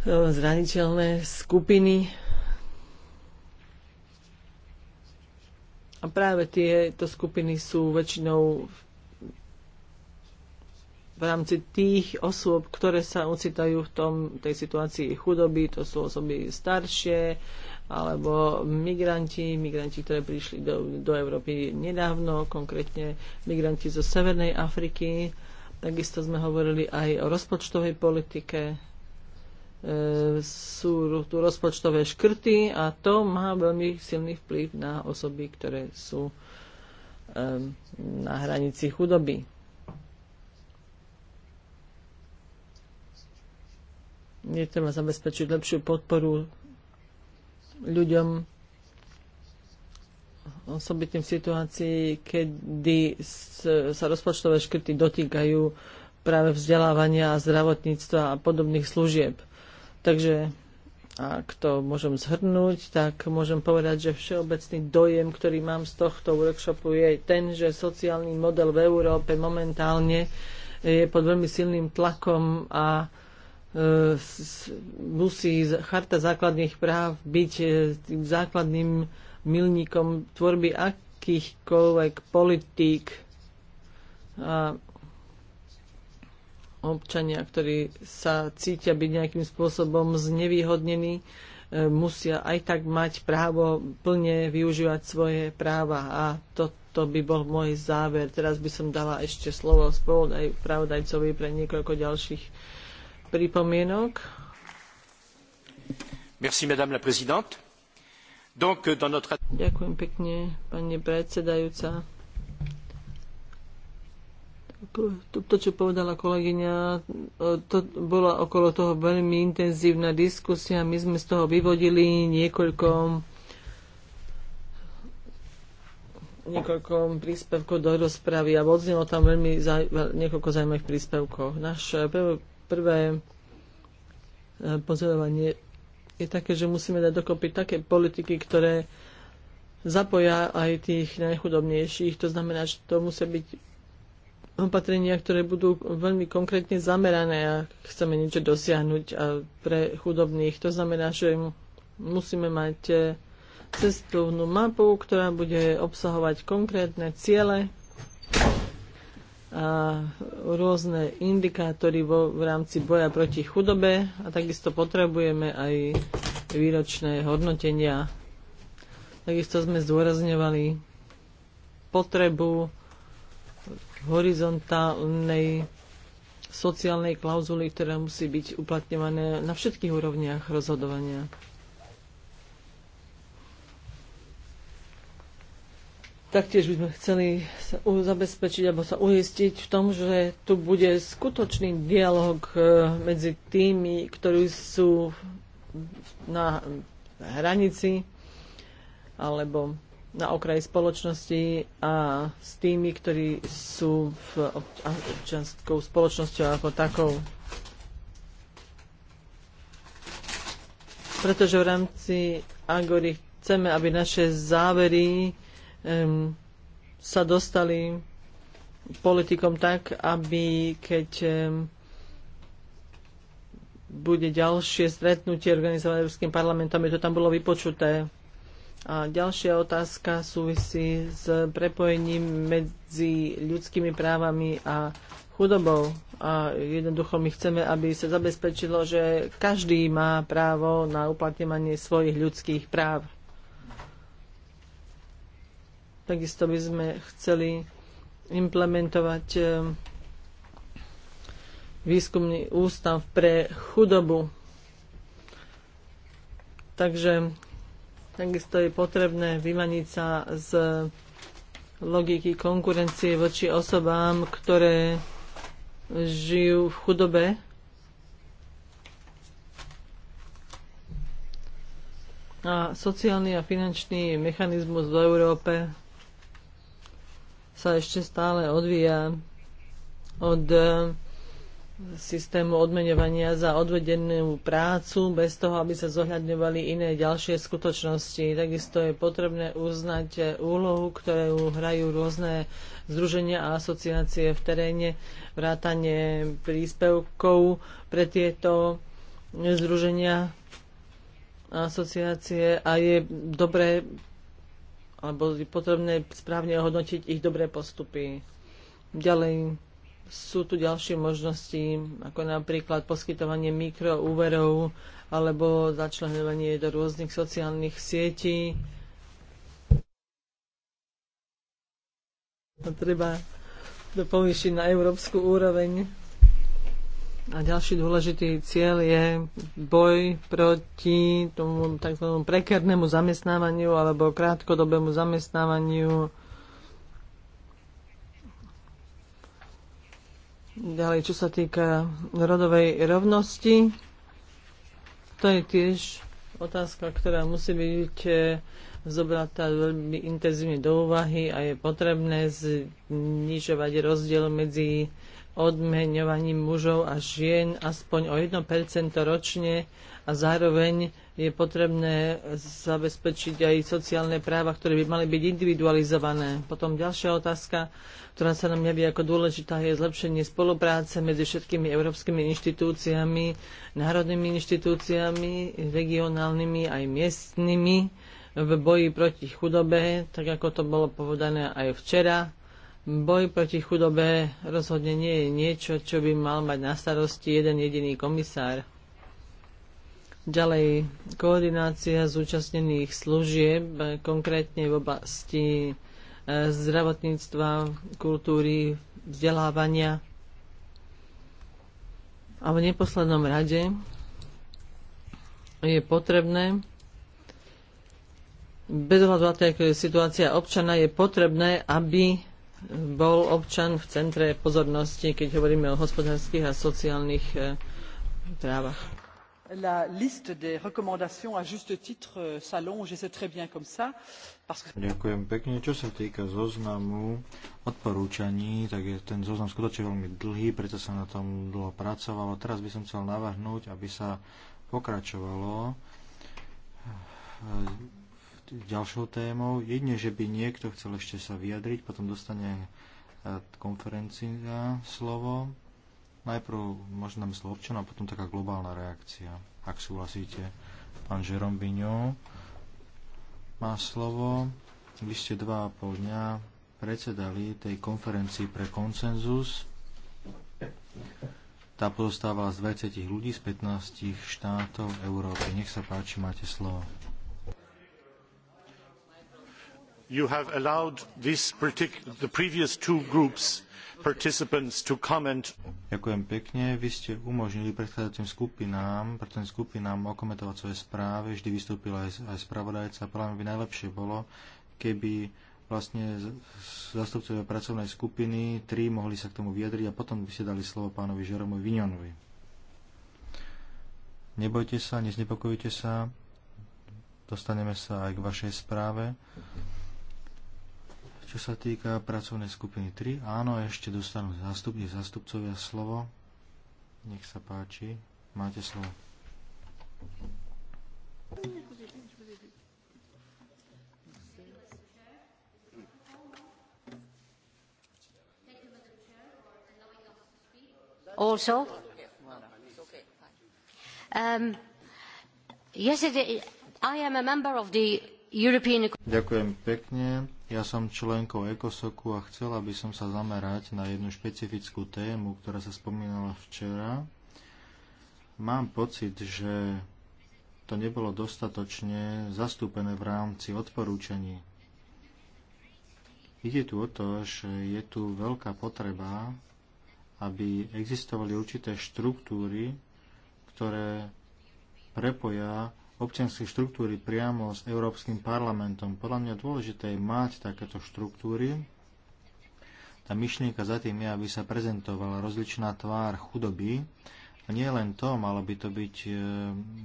E, zraniteľné skupiny. A práve tieto skupiny sú väčšinou v rámci tých osôb, ktoré sa ocitajú v tom, tej situácii chudoby, to sú osoby staršie, alebo migranti, migranti, ktorí prišli do, do Európy nedávno, konkrétne migranti zo Severnej Afriky. Takisto sme hovorili aj o rozpočtovej politike, E, sú tu rozpočtové škrty a to má veľmi silný vplyv na osoby, ktoré sú na hranici chudoby. Je treba zabezpečiť lepšiu podporu ľuďom osobitým v kedy sa rozpočtové škrty dotýkajú práve vzdelávania a zdravotníctva a podobných služieb Takže ak to môžem zhrnúť, tak môžem povedať, že všeobecný dojem, ktorý mám z tohto workshopu je ten, že sociálny model v Európe momentálne je pod veľmi silným tlakom a e, musí Charta základných práv byť e, tým základným milníkom tvorby akýchkoľvek politík. A občania, ktorí sa cítia byť nejakým spôsobom znevýhodnení, e, musia aj tak mať právo plne využívať svoje práva. A toto by bol môj záver. Teraz by som dala ešte slovo spravodajcovi pre niekoľko ďalších pripomienok. Merci, madame la présidente. Donc, dans notre... Ďakujem pekne, pani predsedajúca to, to, čo povedala kolegyňa, e, to bola okolo toho veľmi intenzívna diskusia. My sme z toho vyvodili niekoľko niekoľko príspevkov do rozpravy a odznelo tam veľmi zaj, niekoľko zaujímavých príspevkov. Naše prvé e, pozorovanie je také, že musíme dať dokopy také politiky, ktoré zapoja aj tých najchudobnejších. To znamená, že to musia byť opatrenia, ktoré budú veľmi konkrétne zamerané a chceme niečo dosiahnuť pre chudobných. To znamená, že musíme mať e, cestovnú mapu, ktorá bude obsahovať konkrétne ciele a rôzne indikátory vo, v rámci boja proti chudobe a takisto potrebujeme aj výročné hodnotenia. Takisto sme zdôrazňovali potrebu horizontálnej sociálnej klauzuly, ktorá musí byť uplatňovaná na všetkých úrovniach rozhodovania. Taktiež by sme chceli sa zabezpečiť alebo sa uistiť v tom, že tu bude skutočný dialog e, medzi tými, ktorí sú na hranici alebo na okraji spoločnosti a s tými, ktorí sú v občianskou spoločnosťou ako takou. Pretože v rámci Agory chceme, aby naše závery um, sa dostali politikom tak, aby keď um, bude ďalšie stretnutie organizované Európskym parlamentom, aby to tam bolo vypočuté a ďalšia otázka súvisí s prepojením medzi ľudskými právami a chudobou. A jednoducho my chceme, aby sa zabezpečilo, že každý má právo na uplatňovanie svojich ľudských práv. Takisto by sme chceli implementovať e, výskumný ústav pre chudobu. Takže Takisto je potrebné vymaniť sa z logiky konkurencie voči osobám, ktoré žijú v chudobe. A sociálny a finančný mechanizmus v Európe sa ešte stále odvíja od systému odmeňovania za odvedenú prácu bez toho, aby sa zohľadňovali iné ďalšie skutočnosti. Takisto je potrebné uznať úlohu, ktorú hrajú rôzne združenia a asociácie v teréne, vrátanie príspevkov pre tieto združenia a asociácie a je dobré alebo je potrebné správne ohodnotiť ich dobré postupy. Ďalej sú tu ďalšie možnosti, ako napríklad poskytovanie mikroúverov alebo začlenovanie do rôznych sociálnych sietí. A treba to povýšiť na európsku úroveň. A ďalší dôležitý cieľ je boj proti tomu tzv. prekernému zamestnávaniu alebo krátkodobému zamestnávaniu Ďalej, čo sa týka rodovej rovnosti, to je tiež otázka, ktorá musí byť e, zobratá veľmi intenzívne do úvahy a je potrebné znižovať rozdiel medzi odmeňovaním mužov a žien aspoň o 1% ročne a zároveň je potrebné zabezpečiť aj sociálne práva, ktoré by mali byť individualizované. Potom ďalšia otázka, ktorá sa nám javí ako dôležitá, je zlepšenie spolupráce medzi všetkými európskymi inštitúciami, národnými inštitúciami, regionálnymi aj miestnymi v boji proti chudobe, tak ako to bolo povedané aj včera Boj proti chudobe rozhodne nie je niečo, čo by mal mať na starosti jeden jediný komisár. Ďalej koordinácia zúčastnených služieb, konkrétne v oblasti e, zdravotníctva, kultúry, vzdelávania. A v neposlednom rade je potrebné, bez ohľadu na to, aká je situácia občana, je potrebné, aby bol občan v centre pozornosti, keď hovoríme o hospodárskych a sociálnych e, právach la liste des recommandations à juste titre euh, s'allonge et c'est très bien comme ça. Parce que... Ďakujem pekne. Čo sa týka zoznamu odporúčaní, tak je ten zoznam skutočne veľmi dlhý, preto sa na tom dlho pracovalo. Teraz by som chcel navrhnúť, aby sa pokračovalo eh, ďalšou témou. Jedine, že by niekto chcel ešte sa vyjadriť, potom dostane eh, konferencia slovo. Najprv možno na občanov a potom taká globálna reakcia. Ak súhlasíte, pán Žerom Bignon. má slovo. Vy ste dva a pol dňa predsedali tej konferencii pre konsenzus. Tá pozostávala z 20 ľudí z 15 štátov Európy. Nech sa páči, máte slovo. You have allowed this the previous two groups participants to comment. Ďakujem pekne. Vy ste umožnili predchádzajúcim skupinám, predchádzajúcim skupinám okomentovať svoje správy. Vždy vystúpil aj, aj spravodajca. Podľa mňa by najlepšie bolo, keby vlastne zastupcovia pracovnej skupiny, tri mohli sa k tomu vyjadriť a potom by ste dali slovo pánovi Žeromu Vignonovi. Nebojte sa, neznepokojujte sa, dostaneme sa aj k vašej správe. Čo sa týka pracovnej skupiny 3, áno, ešte dostanú zástup, zástupcovia slovo. Nech sa páči, máte slovo. Also, um, yesterday I am a member of the European. Ďakujem pekne ja som členkou ECOSOKu a chcela by som sa zamerať na jednu špecifickú tému, ktorá sa spomínala včera. Mám pocit, že to nebolo dostatočne zastúpené v rámci odporúčaní. Ide tu o to, že je tu veľká potreba, aby existovali určité štruktúry, ktoré prepoja občianskej štruktúry priamo s Európskym parlamentom. Podľa mňa dôležité je mať takéto štruktúry. Tá myšlienka za tým je, aby sa prezentovala rozličná tvár chudoby. A nie len to, malo by to byť e,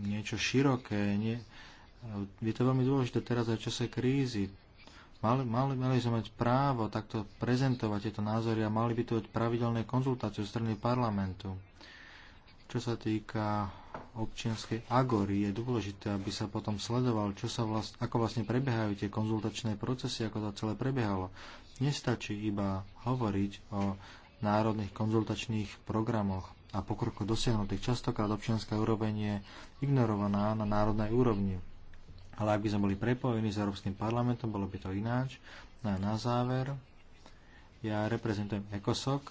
niečo široké. Nie... Je to veľmi dôležité teraz aj v čase krízy. Mali, mali, mali sme mať právo takto prezentovať tieto názory a mali by to byť pravidelné konzultácie zo strany parlamentu. Čo sa týka občianskej agory. Je dôležité, aby sa potom sledoval, čo sa vlast, ako vlastne prebiehajú tie konzultačné procesy, ako to celé prebiehalo. Nestačí iba hovoriť o národných konzultačných programoch a pokroku dosiahnutých. Častokrát občianská úroveň je ignorovaná na národnej úrovni. Ale ak by sme boli prepojení s Európskym parlamentom, bolo by to ináč. No a na záver, ja reprezentujem ECOSOC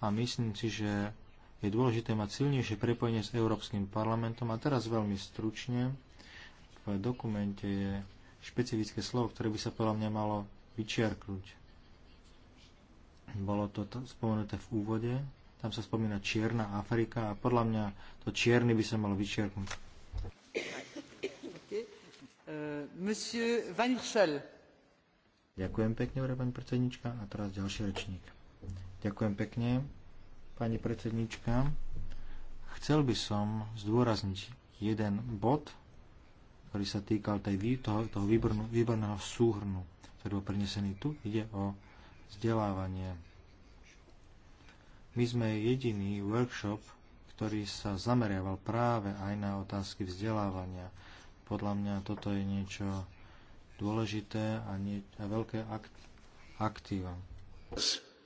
a myslím si, že je dôležité mať silnejšie prepojenie s Európskym parlamentom a teraz veľmi stručne v dokumente je špecifické slovo, ktoré by sa podľa mňa malo vyčiarknúť. Bolo to spomenuté v úvode, tam sa spomína Čierna Afrika a podľa mňa to čierny by sa malo vyčiarknúť. Euh, Ďakujem pekne, pani predsednička, a teraz ďalší rečník. Ďakujem pekne pani predsednička. Chcel by som zdôrazniť jeden bod, ktorý sa týkal tej, toho, toho výbornú, výborného súhrnu, ktorý bol prinesený tu. Ide o vzdelávanie. My sme jediný workshop, ktorý sa zameriaval práve aj na otázky vzdelávania. Podľa mňa toto je niečo dôležité a, nie, a veľké akt, aktíva.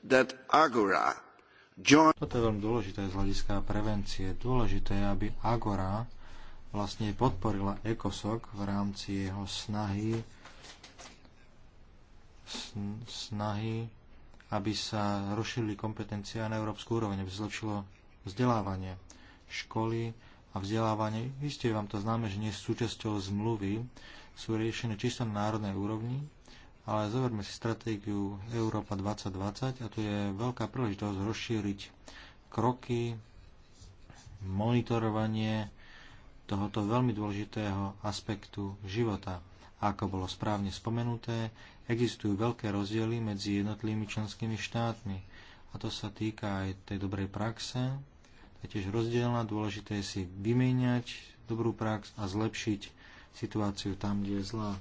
That Agora toto je veľmi dôležité z hľadiska prevencie. Dôležité je, aby Agora vlastne podporila ECOSOC v rámci jeho snahy snahy, aby sa rušili kompetencie na európsku úroveň, aby sa zlepšilo vzdelávanie školy a vzdelávanie. Isté vám to známe, že nie sú súčasťou zmluvy, sú riešené čisto na národnej úrovni ale zoberme si stratégiu Európa 2020 a tu je veľká príležitosť rozšíriť kroky, monitorovanie tohoto veľmi dôležitého aspektu života. Ako bolo správne spomenuté, existujú veľké rozdiely medzi jednotlivými členskými štátmi a to sa týka aj tej dobrej praxe, tiež rozdielna, dôležité je si vymieňať dobrú prax a zlepšiť situáciu tam, kde je zlá.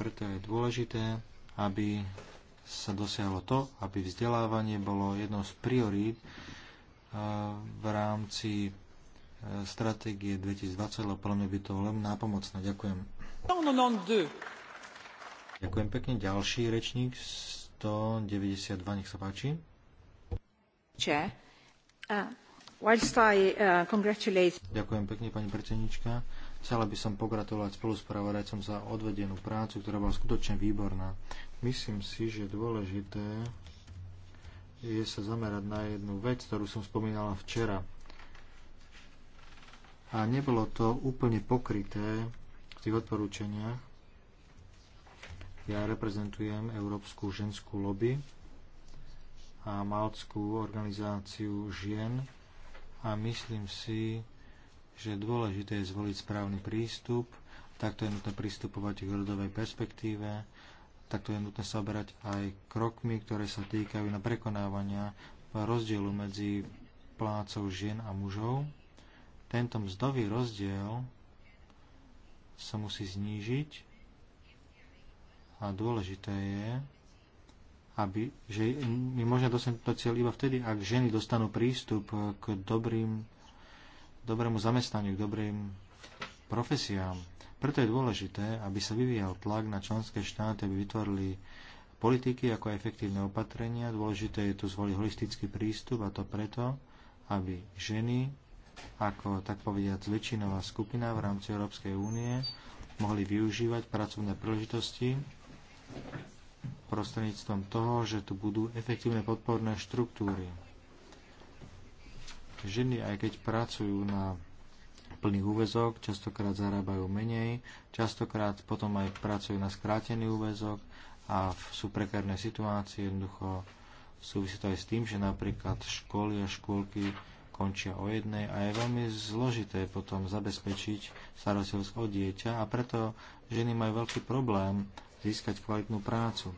Preto je dôležité, aby sa dosiahlo to, aby vzdelávanie bolo jednou z priorít e, v rámci e, stratégie 2020, lebo podľa mňa by to len nápomocné. Ďakujem. Ďakujem pekne. Ďalší rečník 192, nech sa páči. Uh, uh, Ďakujem pekne, pani predsednička. Chcela by som pogratulovať spoluspravodajcom za odvedenú prácu, ktorá bola skutočne výborná. Myslím si, že dôležité je sa zamerať na jednu vec, ktorú som spomínala včera. A nebolo to úplne pokryté v tých odporúčaniach. Ja reprezentujem Európsku ženskú lobby a Malckú organizáciu žien a myslím si, že dôležité je zvoliť správny prístup, takto je nutné pristupovať k rodovej perspektíve, takto je nutné sa oberať aj krokmi, ktoré sa týkajú na prekonávania rozdielu medzi plácov žien a mužov. Tento mzdový rozdiel sa musí znížiť a dôležité je, aby, že my možné dosiahnuť to cieľ iba vtedy, ak ženy dostanú prístup k dobrým dobrému zamestnaniu, k dobrým profesiám. Preto je dôležité, aby sa vyvíjal tlak na členské štáty, aby vytvorili politiky ako efektívne opatrenia. Dôležité je tu zvoliť holistický prístup a to preto, aby ženy ako tak povediať väčšinová skupina v rámci Európskej únie mohli využívať pracovné príležitosti prostredníctvom toho, že tu budú efektívne podporné štruktúry. Ženy, aj keď pracujú na plný úvezok, častokrát zarábajú menej, častokrát potom aj pracujú na skrátený úvezok a sú prekárne situácie. Jednoducho súvisí to aj s tým, že napríklad školy a škôlky končia o jednej a je veľmi zložité potom zabezpečiť starostlivosť o dieťa a preto ženy majú veľký problém získať kvalitnú prácu.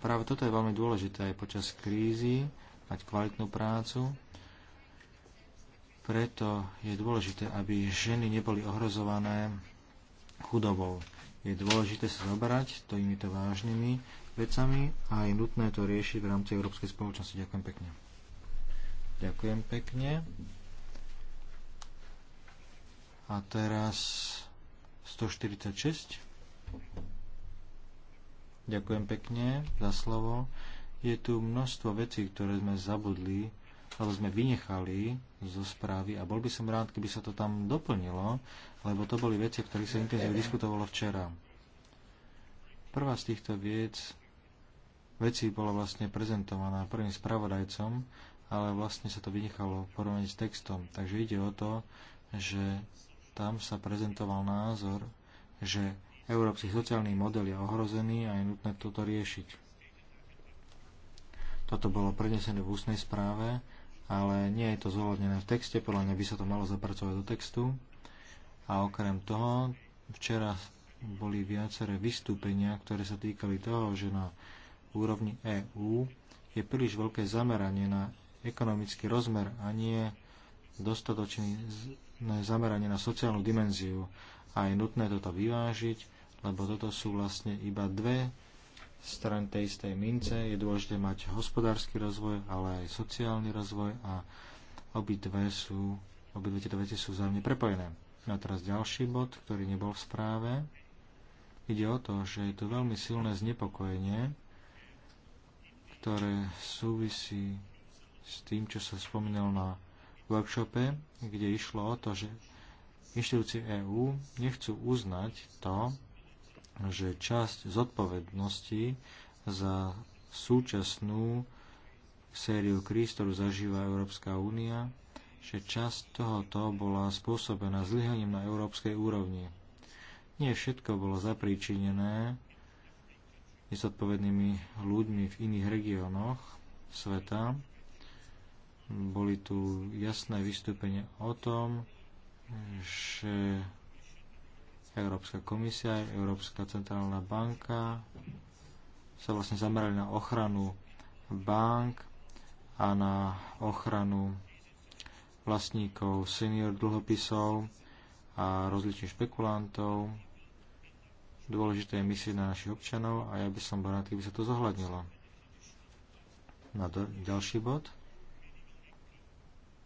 Práve toto je veľmi dôležité aj počas krízy, mať kvalitnú prácu, preto je dôležité, aby ženy neboli ohrozované chudobou. Je dôležité sa zobrať týmito vážnymi vecami a je nutné to riešiť v rámci Európskej spoločnosti. Ďakujem pekne. Ďakujem pekne. A teraz 146. Ďakujem pekne za slovo. Je tu množstvo vecí, ktoré sme zabudli ktorú sme vynechali zo správy a bol by som rád, keby sa to tam doplnilo, lebo to boli veci, o ktorých sa intenzívne diskutovalo včera. Prvá z týchto viec, vecí bola vlastne prezentovaná prvým spravodajcom, ale vlastne sa to vynechalo v porovnaní s textom. Takže ide o to, že tam sa prezentoval názor, že európsky sociálny model je ohrozený a je nutné toto riešiť. Toto bolo prenesené v ústnej správe ale nie je to zohľadnené v texte, podľa mňa by sa to malo zapracovať do textu. A okrem toho, včera boli viaceré vystúpenia, ktoré sa týkali toho, že na úrovni EÚ je príliš veľké zameranie na ekonomický rozmer a nie dostatočné zameranie na sociálnu dimenziu. A je nutné toto vyvážiť, lebo toto sú vlastne iba dve stran tej istej mince. Je dôležité mať hospodársky rozvoj, ale aj sociálny rozvoj a obidve sú, obidve tieto veci sú vzájomne prepojené. No a teraz ďalší bod, ktorý nebol v správe. Ide o to, že je tu veľmi silné znepokojenie, ktoré súvisí s tým, čo sa spomínal na workshope, kde išlo o to, že inštitúcie EÚ nechcú uznať to, že časť zodpovednosti za súčasnú sériu kríz, ktorú zažíva Európska únia, že časť tohoto bola spôsobená zlyhaním na európskej úrovni. Nie všetko bolo zapríčinené nezodpovednými ľuďmi v iných regiónoch sveta. Boli tu jasné vystúpenia o tom, že Európska komisia, Európska centrálna banka sa vlastne zamerali na ochranu bank a na ochranu vlastníkov senior dlhopisov a rozličných špekulantov. Dôležité je myslieť na našich občanov a ja by som bol rád, keby sa to zohľadnilo. Na ďalší bod.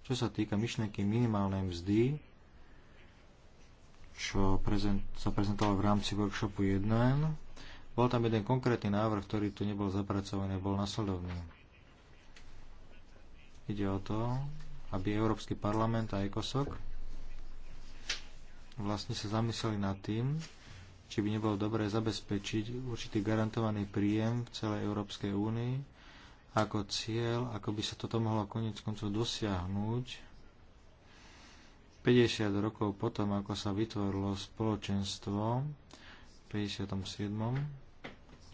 Čo sa týka myšlenky minimálnej mzdy, čo prezent, sa prezentovalo v rámci workshopu 1. Bol tam jeden konkrétny návrh, ktorý tu nebol zapracovaný, bol nasledovný. Ide o to, aby Európsky parlament a ECOSOC vlastne sa zamysleli nad tým, či by nebolo dobré zabezpečiť určitý garantovaný príjem v celej Európskej únii ako cieľ, ako by sa toto mohlo konec koncov dosiahnuť 50 rokov potom, ako sa vytvorilo spoločenstvo v 57.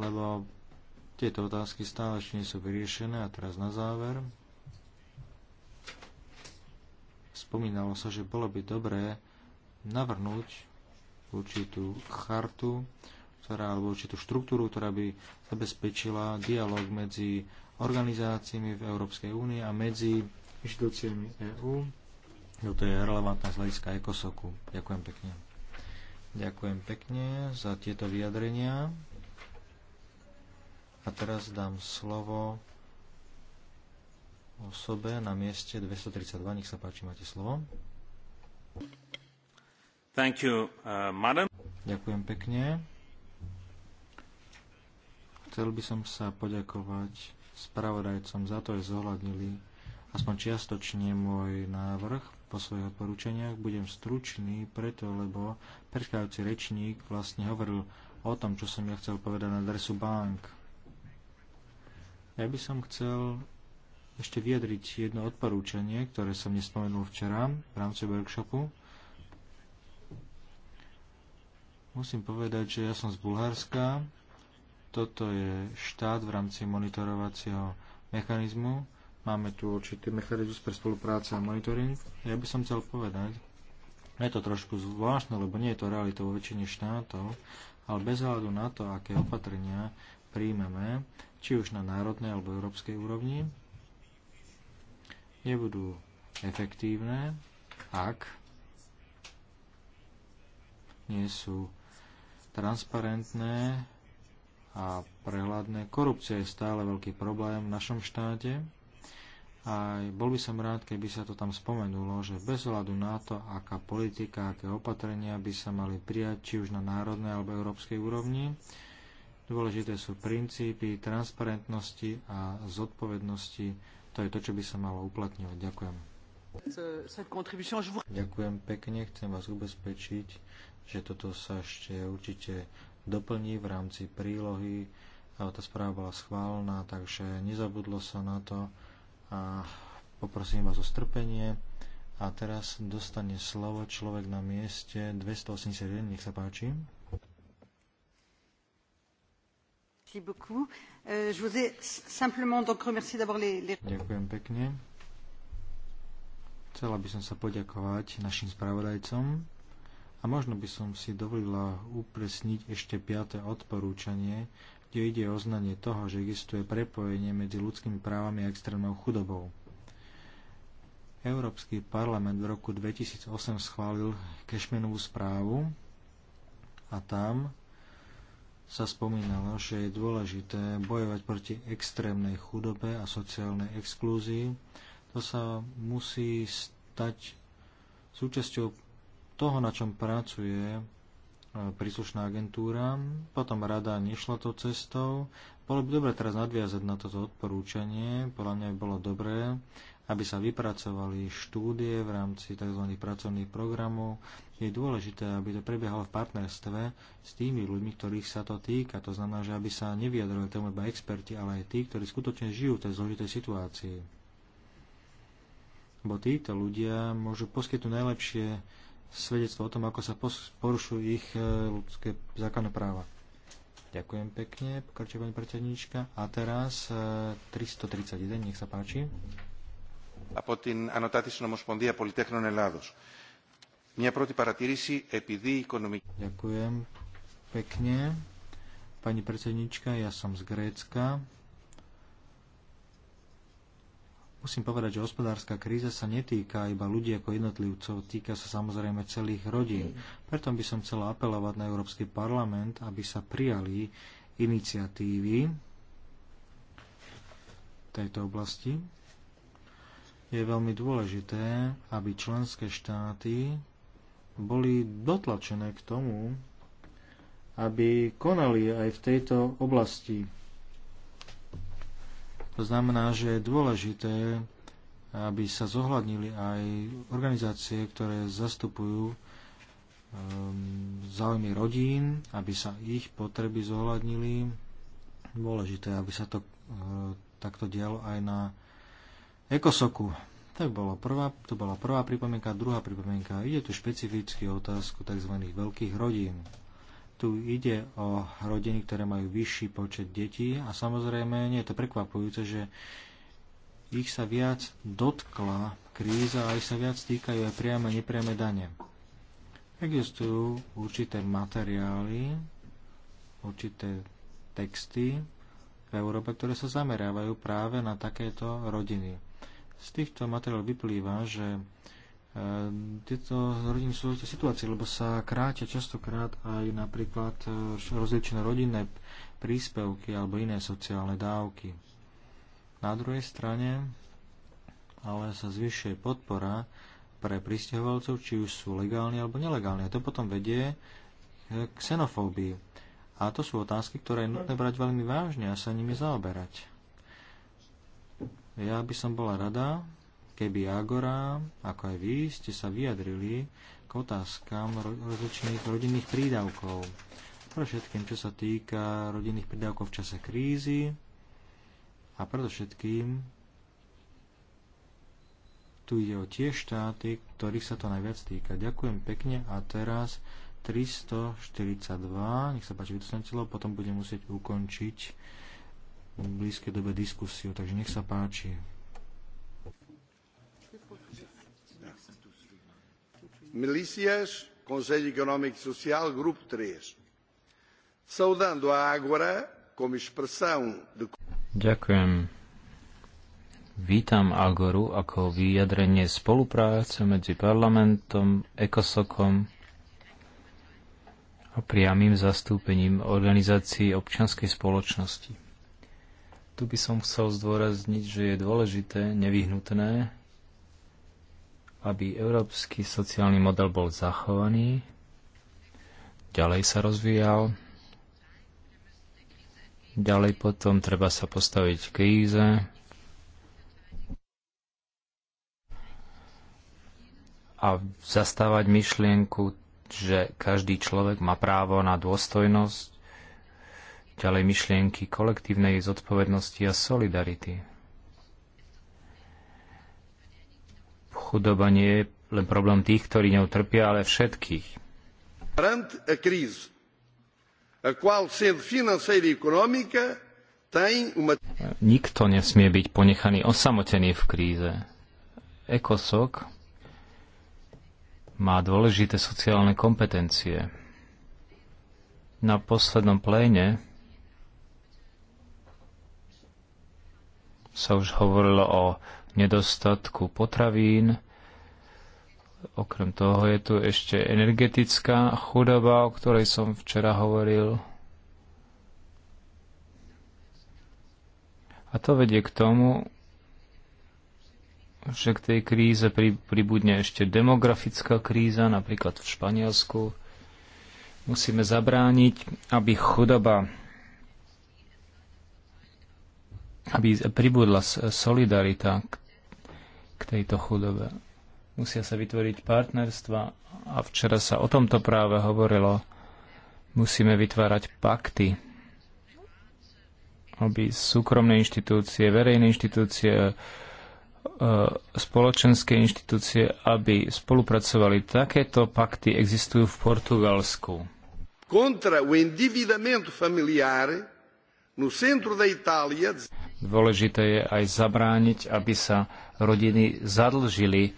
lebo tieto otázky stále ešte nie sú vyriešené a teraz na záver. Spomínalo sa, že bolo by dobré navrhnúť určitú chartu, ktorá, alebo určitú štruktúru, ktorá by zabezpečila dialog medzi organizáciami v Európskej únii a medzi inštitúciami EÚ to je relevantné z hľadiska ekosoku. Ďakujem pekne. Ďakujem pekne za tieto vyjadrenia. A teraz dám slovo osobe na mieste 232. Nech sa páči, máte slovo. Thank you, uh, madam. Ďakujem pekne. Chcel by som sa poďakovať spravodajcom za to, že zohľadnili aspoň čiastočne môj návrh po svojich odporúčaniach. Budem stručný preto, lebo predchádzajúci rečník vlastne hovoril o tom, čo som ja chcel povedať na adresu bank. Ja by som chcel ešte vyjadriť jedno odporúčanie, ktoré som nespomenul včera v rámci workshopu. Musím povedať, že ja som z Bulharska. Toto je štát v rámci monitorovacieho mechanizmu Máme tu určitý mechanizmus pre spolupráce a monitoring. Ja by som chcel povedať, je to trošku zvláštne, lebo nie je to realita vo väčšine štátov, ale bez hľadu na to, aké opatrenia príjmeme, či už na národnej alebo európskej úrovni, nebudú efektívne, ak nie sú transparentné a prehľadné. Korupcia je stále veľký problém v našom štáte. A bol by som rád, keby sa to tam spomenulo, že bez hľadu na to, aká politika, aké opatrenia by sa mali prijať, či už na národnej alebo európskej úrovni, dôležité sú princípy transparentnosti a zodpovednosti. To je to, čo by sa malo uplatňovať. Ďakujem. Ďakujem pekne, chcem vás ubezpečiť, že toto sa ešte určite doplní v rámci prílohy. Tá správa bola schválená, takže nezabudlo sa na to a poprosím vás o strpenie. A teraz dostane slovo človek na mieste 281, nech sa páči. Euh, Ďakujem pekne. Chcela by som sa poďakovať našim spravodajcom a možno by som si dovolila upresniť ešte piaté odporúčanie, kde ide o znanie toho, že existuje prepojenie medzi ľudskými právami a extrémnou chudobou. Európsky parlament v roku 2008 schválil Kešmenovú správu a tam sa spomínalo, že je dôležité bojovať proti extrémnej chudobe a sociálnej exklúzii. To sa musí stať súčasťou toho, na čom pracuje E, príslušná agentúra, potom rada nešla tou cestou. Bolo by dobre teraz nadviazať na toto odporúčanie, podľa mňa by bolo dobré, aby sa vypracovali štúdie v rámci tzv. pracovných programov. Je dôležité, aby to prebiehalo v partnerstve s tými ľuďmi, ktorých sa to týka. To znamená, že aby sa nevyjadrovali tomu iba experti, ale aj tí, ktorí skutočne žijú v tej zložitej situácii. Bo títo ľudia môžu poskytnúť najlepšie svedectvo o tom, ako sa porušujú ich e, ľudské základné práva. Ďakujem pekne, pokračuje pani predsednička. A teraz 331, e, nech sa páči. Από την Ανωτάτη Συνομοσπονδία Πολυτέχνων Ελλάδος. Μια πρώτη παρατήρηση, επειδή η οικονομική... Ďakujem pekne. Pani predsednička, ja som z Grécka Musím povedať, že hospodárska kríza sa netýka iba ľudí ako jednotlivcov, týka sa samozrejme celých rodín. Preto by som chcela apelovať na Európsky parlament, aby sa prijali iniciatívy tejto oblasti. Je veľmi dôležité, aby členské štáty boli dotlačené k tomu, aby konali aj v tejto oblasti to znamená, že je dôležité, aby sa zohľadnili aj organizácie, ktoré zastupujú ehm, záujmy rodín, aby sa ich potreby zohľadnili. Dôležité, aby sa to eh, takto dialo aj na ekosoku. To, bolo prvá, to bola prvá pripomienka. Druhá pripomienka. Ide tu špecificky o otázku tzv. veľkých rodín tu ide o rodiny, ktoré majú vyšší počet detí a samozrejme nie je to prekvapujúce, že ich sa viac dotkla kríza a ich sa viac týkajú aj priame a nepriame dane. Existujú určité materiály, určité texty v Európe, ktoré sa zameriavajú práve na takéto rodiny. Z týchto materiálov vyplýva, že Ehm, tieto rodiny sú v situácii, lebo sa krátia častokrát aj napríklad e, rozličné rodinné príspevky alebo iné sociálne dávky. Na druhej strane ale sa zvyšuje podpora pre pristahovalcov, či už sú legálni alebo nelegálni. A to potom vedie e, k xenofóbii. A to sú otázky, ktoré je nutné brať veľmi vážne a sa nimi zaoberať. Ja by som bola rada, keby Agora, ako aj vy, ste sa vyjadrili k otázkam rozličných rodinných prídavkov. Pre všetkým, čo sa týka rodinných prídavkov v čase krízy a predovšetkým tu ide o tie štáty, ktorých sa to najviac týka. Ďakujem pekne a teraz 342, nech sa páči, vytosnetilo, potom budem musieť ukončiť v blízkej dobe diskusiu, takže nech sa páči. milícias, Conselho Económico e Social, Grupo 3. Saudando a Ágora como expressão de... Ďakujem. Vítam Agoru ako vyjadrenie spolupráce medzi parlamentom, ECOSOCom a priamým zastúpením organizácií občianskej spoločnosti. Tu by som chcel zdôrazniť, že je dôležité, nevyhnutné aby európsky sociálny model bol zachovaný, ďalej sa rozvíjal, ďalej potom treba sa postaviť kríze, a zastávať myšlienku, že každý človek má právo na dôstojnosť, ďalej myšlienky kolektívnej zodpovednosti a solidarity. Chudoba nie je len problém tých, ktorí ňou trpia, ale všetkých. Perante a crise, a qual sendo financeira e económica, Nikto nesmie byť ponechaný osamotený v kríze. ECOSOC má dôležité sociálne kompetencie. Na poslednom pléne sa už hovorilo o nedostatku potravín. Okrem toho je tu ešte energetická chudoba, o ktorej som včera hovoril. A to vedie k tomu, že k tej kríze pribudne ešte demografická kríza, napríklad v Španielsku. Musíme zabrániť, aby chudoba, aby pribudla solidarita, k tejto chudobe. Musia sa vytvoriť partnerstva a včera sa o tomto práve hovorilo. Musíme vytvárať pakty, aby súkromné inštitúcie, verejné inštitúcie, e, spoločenské inštitúcie, aby spolupracovali. Takéto pakty existujú v Portugalsku. Contra o endividamento familiar no centro da Itália Dôležité je aj zabrániť, aby sa rodiny zadlžili,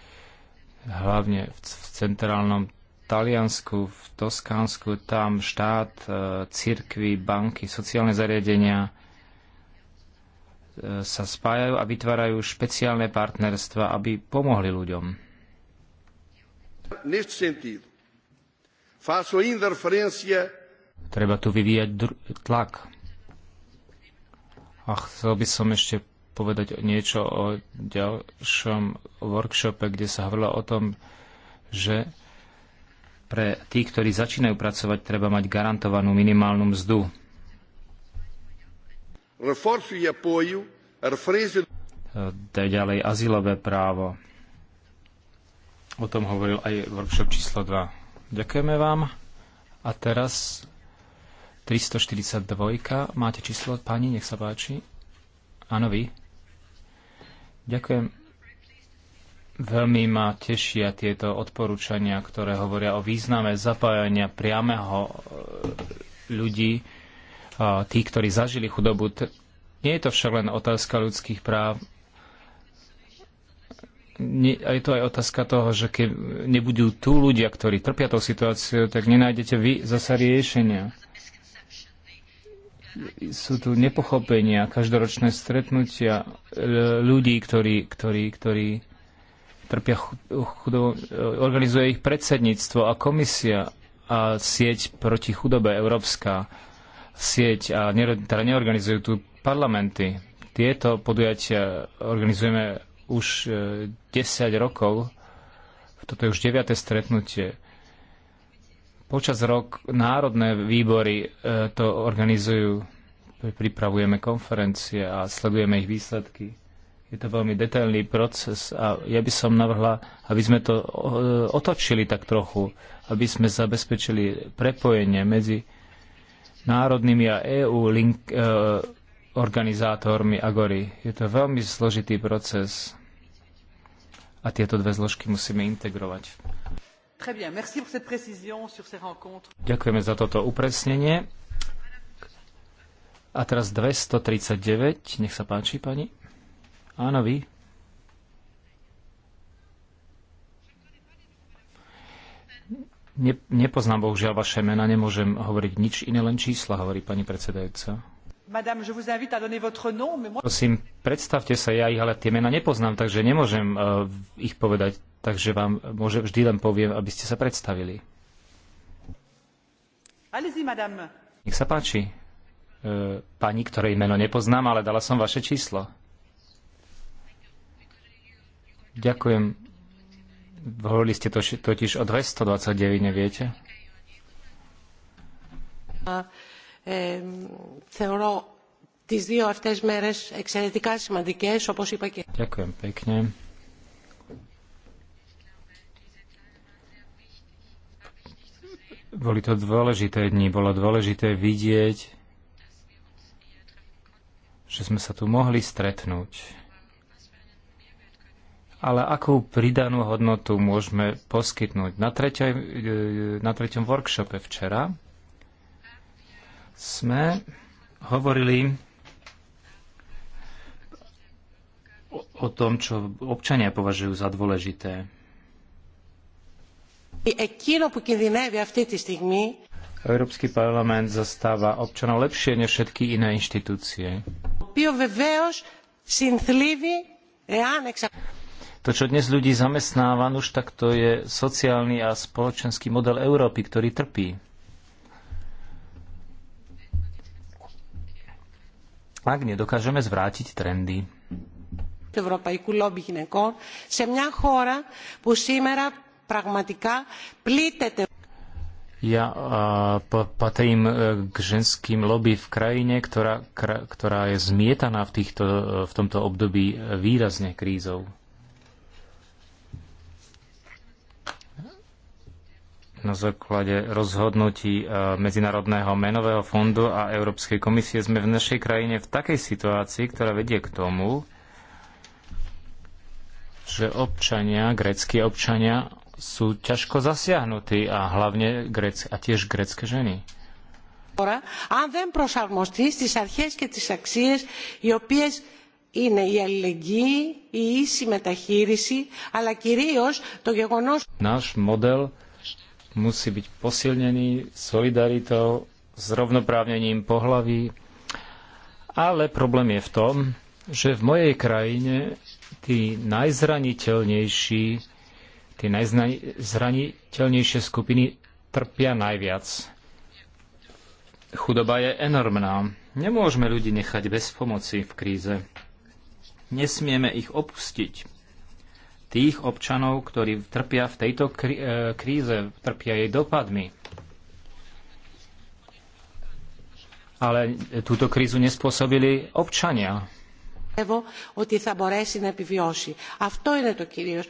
hlavne v, centrálnom Taliansku, v Toskánsku, tam štát, e, cirkvy, banky, sociálne zariadenia e, sa spájajú a vytvárajú špeciálne partnerstva, aby pomohli ľuďom. Treba tu vyvíjať tlak a chcel by som ešte povedať niečo o ďalšom workshope, kde sa hovorilo o tom, že pre tých, ktorí začínajú pracovať, treba mať garantovanú minimálnu mzdu. E ďalej azylové právo. O tom hovoril aj workshop číslo 2. Ďakujeme vám. A teraz 342. Máte číslo, pani, nech sa páči. Áno, vy. Ďakujem. Veľmi ma tešia tieto odporúčania, ktoré hovoria o význame zapájania priameho e, ľudí, e, tých, ktorí zažili chudobu. Nie je to však len otázka ľudských práv, je to aj otázka toho, že keď nebudú tu ľudia, ktorí trpia tou situáciou, tak nenájdete vy zasa riešenia sú tu nepochopenia, každoročné stretnutia e, ľudí, ktorí, ktorí, ktorí trpia chudobou, e, organizuje ich predsedníctvo a komisia a sieť proti chudobe európska sieť a ne, teda neorganizujú tu parlamenty. Tieto podujatia organizujeme už 10 e, rokov. Toto je už 9. stretnutie Počas rok národné výbory e, to organizujú, pripravujeme konferencie a sledujeme ich výsledky. Je to veľmi detailný proces a ja by som navrhla, aby sme to e, otočili tak trochu, aby sme zabezpečili prepojenie medzi národnými a EU link, eh, organizátormi Agory. Je to veľmi zložitý proces a tieto dve zložky musíme integrovať. Ďakujeme za toto upresnenie. A teraz 239, nech sa páči, pani. Áno, vy. Ne, nepoznám bohužiaľ vaše mena, nemôžem hovoriť nič iné, len čísla, hovorí pani predsedajúca. Madame, je vous invite à donner votre nom, mais moi... Prosím, predstavte sa, ja ich ale tie mena nepoznám, takže nemôžem uh, ich povedať takže vám môže, vždy len poviem, aby ste sa predstavili. Nech sa páči. E, pani, ktorej meno nepoznám, ale dala som vaše číslo. Ďakujem. Hovorili ste to, totiž o 229, neviete? E, Ďakujem pekne. Boli to dôležité dni, bolo dôležité vidieť, že sme sa tu mohli stretnúť. Ale akú pridanú hodnotu môžeme poskytnúť? Na, treťoj, na treťom workshope včera sme hovorili o tom, čo občania považujú za dôležité. Európsky parlament zastáva občanov lepšie než všetky iné inštitúcie. To, čo dnes ľudí zamestnáva, no už tak to je sociálny a spoločenský model Európy, ktorý trpí. Ak nedokážeme zvrátiť trendy πραγματικά plítete. Ja uh, patrím e, k ženským lobby v krajine, ktorá, kra, ktorá je zmietaná v, týchto, e, v tomto období e, výrazne krízou. Na základe rozhodnutí Medzinárodného menového fondu a Európskej komisie sme v našej krajine v takej situácii, ktorá vedie k tomu, že občania, greckí občania sú ťažko zasiahnutí a hlavne grec, a tiež grecké ženy. Αν δεν προσαρμοστεί στις αρχές και τις αξίες οι οποίες είναι η αλληλεγγύη, η ίση μεταχείριση, αλλά κυρίως το γεγονός... Náš model musí byť posilnený solidaritou, zrovnoprávnením pohlaví, ale problém je v tom, že v mojej krajine tí najzraniteľnejší tie najzraniteľnejšie skupiny trpia najviac. Chudoba je enormná. Nemôžeme ľudí nechať bez pomoci v kríze. Nesmieme ich opustiť. Tých občanov, ktorí trpia v tejto e, kríze, trpia jej dopadmi. Ale túto krízu nespôsobili občania. Ότι θα μπορέσει να επιβιώσει. Αυτό είναι το κυρίως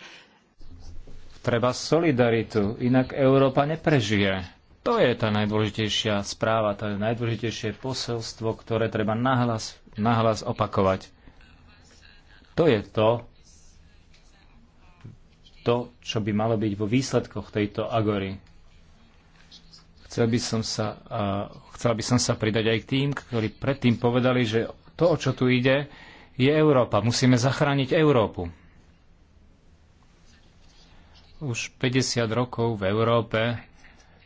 treba solidaritu, inak Európa neprežije. To je tá najdôležitejšia správa, to je najdôležitejšie poselstvo, ktoré treba nahlas, nahlas opakovať. To je to, to, čo by malo byť vo výsledkoch tejto agory. Chcel by som sa, uh, chcel by som sa pridať aj k tým, ktorí predtým povedali, že to, o čo tu ide, je Európa. Musíme zachrániť Európu. Už 50 rokov v Európe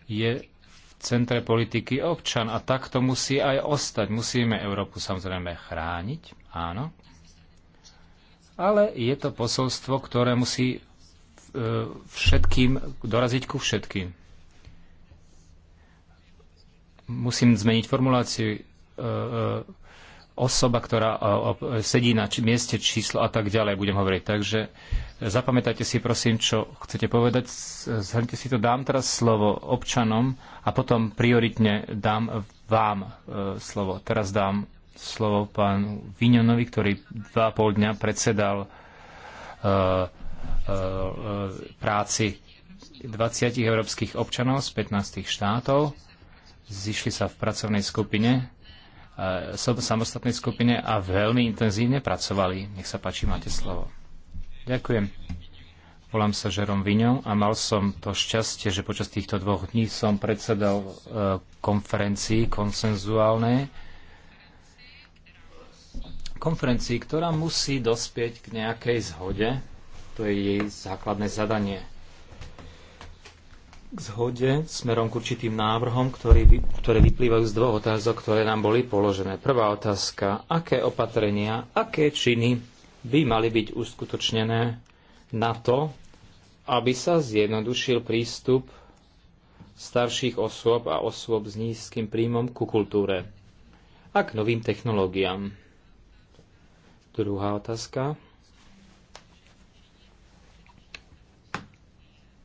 je v centre politiky občan a tak to musí aj ostať. Musíme Európu samozrejme chrániť, áno. Ale je to posolstvo, ktoré musí e, všetkým, doraziť ku všetkým. Musím zmeniť formuláciu e, e, osoba, ktorá sedí na mieste číslo a tak ďalej, budem hovoriť. Takže e, zapamätajte si prosím, čo chcete povedať. Zhrňte si to, dám teraz slovo občanom a potom prioritne dám vám e, slovo. Teraz dám slovo pánu Vinionovi, ktorý dva pol dňa predsedal e, e, e práci 20 európskych občanov z 15 štátov. Zišli sa v pracovnej skupine E, samostatnej skupine a veľmi intenzívne pracovali. Nech sa páči, máte slovo. Ďakujem. Volám sa Žerom Viňom a mal som to šťastie, že počas týchto dvoch dní som predsedal e, konferencii konsenzuálnej, konferencii, ktorá musí dospieť k nejakej zhode. To je jej základné zadanie k zhode smerom k určitým návrhom, ktorý, ktoré vyplývajú z dvoch otázok, ktoré nám boli položené. Prvá otázka, aké opatrenia, aké činy by mali byť uskutočnené na to, aby sa zjednodušil prístup starších osôb a osôb s nízkym príjmom ku kultúre a k novým technológiám. Druhá otázka.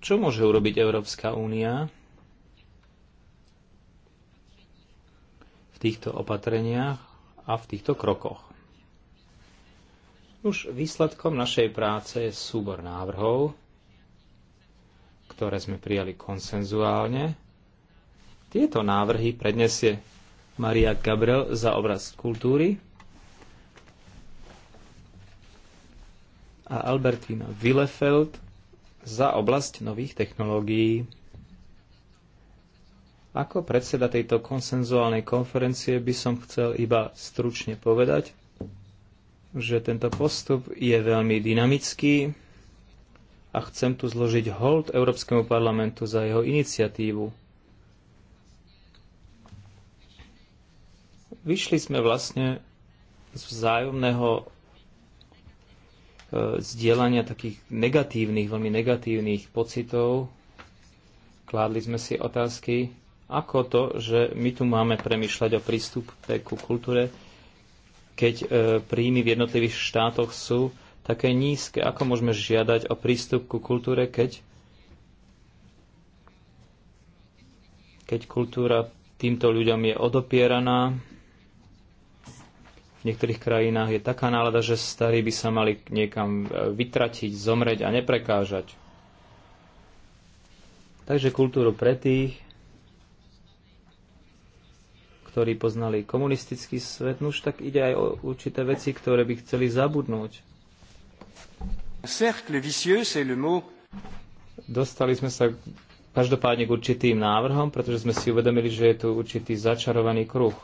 Čo môže urobiť Európska únia v týchto opatreniach a v týchto krokoch? Už výsledkom našej práce je súbor návrhov, ktoré sme prijali konsenzuálne. Tieto návrhy prednesie Maria Gabriel za obraz kultúry a Albertina Willefeld za oblasť nových technológií. Ako predseda tejto konsenzuálnej konferencie by som chcel iba stručne povedať, že tento postup je veľmi dynamický a chcem tu zložiť hold Európskemu parlamentu za jeho iniciatívu. Vyšli sme vlastne z vzájomného E, zdieľania takých negatívnych, veľmi negatívnych pocitov. Kládli sme si otázky, ako to, že my tu máme premyšľať o prístupe ku kultúre, keď e, príjmy v jednotlivých štátoch sú také nízke. Ako môžeme žiadať o prístup ku kultúre, keď, keď kultúra týmto ľuďom je odopieraná, v niektorých krajinách je taká nálada, že starí by sa mali niekam e, vytratiť, zomreť a neprekážať. Takže kultúru pre tých, ktorí poznali komunistický svet, no už tak ide aj o určité veci, ktoré by chceli zabudnúť. Dostali sme sa každopádne k určitým návrhom, pretože sme si uvedomili, že je tu určitý začarovaný kruh.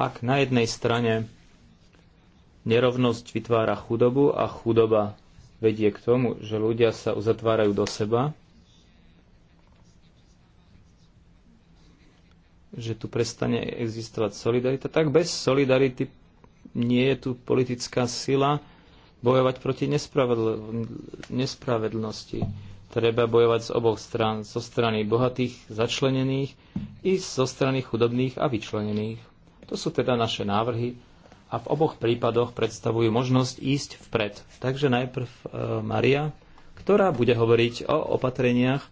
Ak na jednej strane Nerovnosť vytvára chudobu a chudoba vedie k tomu, že ľudia sa uzatvárajú do seba, že tu prestane existovať solidarita. Tak bez solidarity nie je tu politická sila bojovať proti nespravedl- nespravedlnosti. Treba bojovať z oboch strán, zo strany bohatých, začlenených i zo strany chudobných a vyčlenených. To sú teda naše návrhy a v oboch prípadoch predstavujú možnosť ísť vpred. Takže najprv e, Maria, ktorá bude hovoriť o opatreniach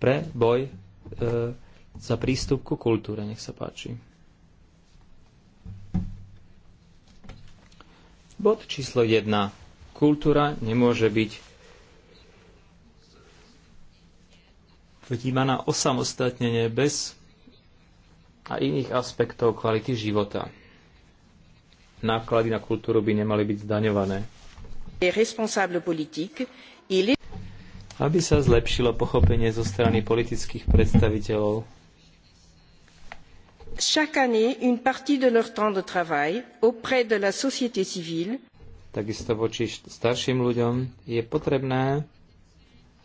pre boj e, za prístup ku kultúre. Nech sa páči. Bod číslo 1. Kultúra nemôže byť vnímaná osamostatnenie bez a iných aspektov kvality života náklady na kultúru by nemali byť zdaňované. Aby sa zlepšilo pochopenie zo strany politických predstaviteľov, Chaque année, une partie de leur temps de travail auprès de la société civile takisto voči starším ľuďom, je potrebné,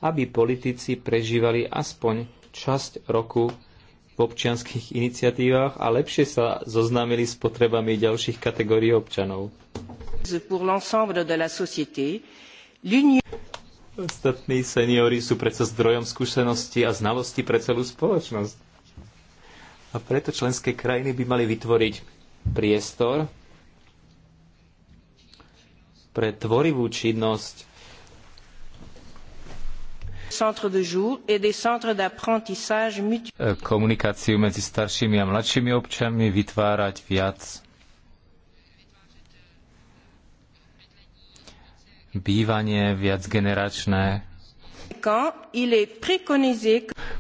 aby politici prežívali aspoň časť roku v občianských iniciatívach a lepšie sa zoznámili s potrebami ďalších kategórií občanov. Ostatní seniori sú predsa zdrojom skúseností a znalostí pre celú spoločnosť. A preto členské krajiny by mali vytvoriť priestor pre tvorivú činnosť centres de jour et des centres d'apprentissage mutuels. Komunikáciu medzi staršími a mladšími občanmi vytvárať viac. Bývanie viacgeneračné.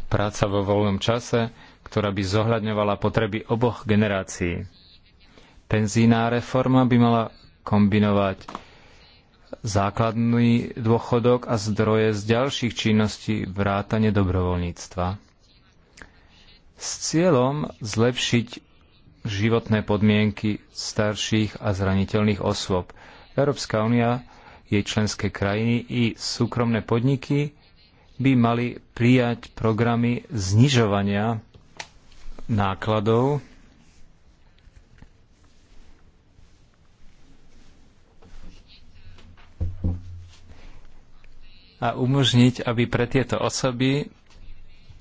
Práca vo voľnom čase, ktorá by zohľadňovala potreby oboch generácií. Penzíná reforma by mala kombinovať základný dôchodok a zdroje z ďalších činností vrátane dobrovoľníctva. S cieľom zlepšiť životné podmienky starších a zraniteľných osôb. Európska únia, jej členské krajiny i súkromné podniky by mali prijať programy znižovania nákladov a umožniť, aby pre tieto osoby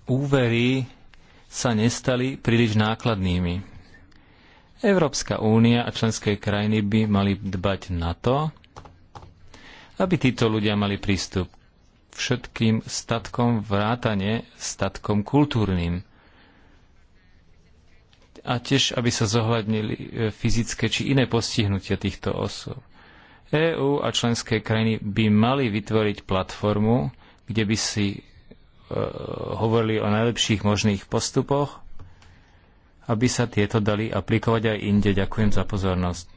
úvery sa nestali príliš nákladnými. Európska únia a členské krajiny by mali dbať na to, aby títo ľudia mali prístup k všetkým statkom vrátane statkom kultúrnym a tiež, aby sa zohľadnili e, fyzické či iné postihnutia týchto osôb. EÚ a členské krajiny by mali vytvoriť platformu, kde by si e, hovorili o najlepších možných postupoch, aby sa tieto dali aplikovať aj inde. Ďakujem za pozornosť.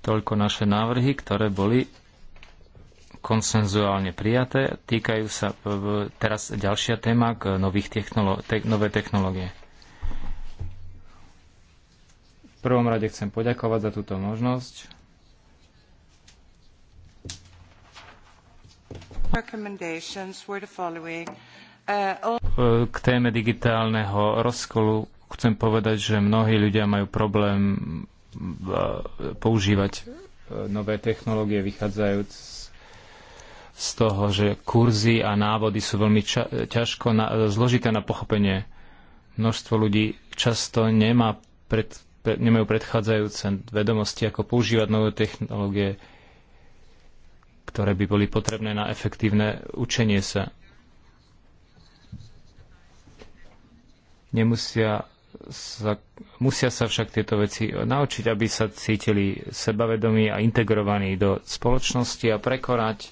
Toľko naše návrhy, ktoré boli konsenzuálne prijaté. Týkajú sa e, teraz ďalšia téma k nových technolo- te- nové technológie. V prvom rade chcem poďakovať za túto možnosť. Uh, K téme digitálneho rozkolu chcem povedať, že mnohí ľudia majú problém uh, používať uh, nové technológie vychádzajúc z toho, že kurzy a návody sú veľmi ťažko na, zložité na pochopenie. Množstvo ľudí často nemá pred nemajú predchádzajúce vedomosti, ako používať nové technológie, ktoré by boli potrebné na efektívne učenie sa. Nemusia sa, musia sa však tieto veci naučiť, aby sa cítili sebavedomí a integrovaní do spoločnosti a prekonať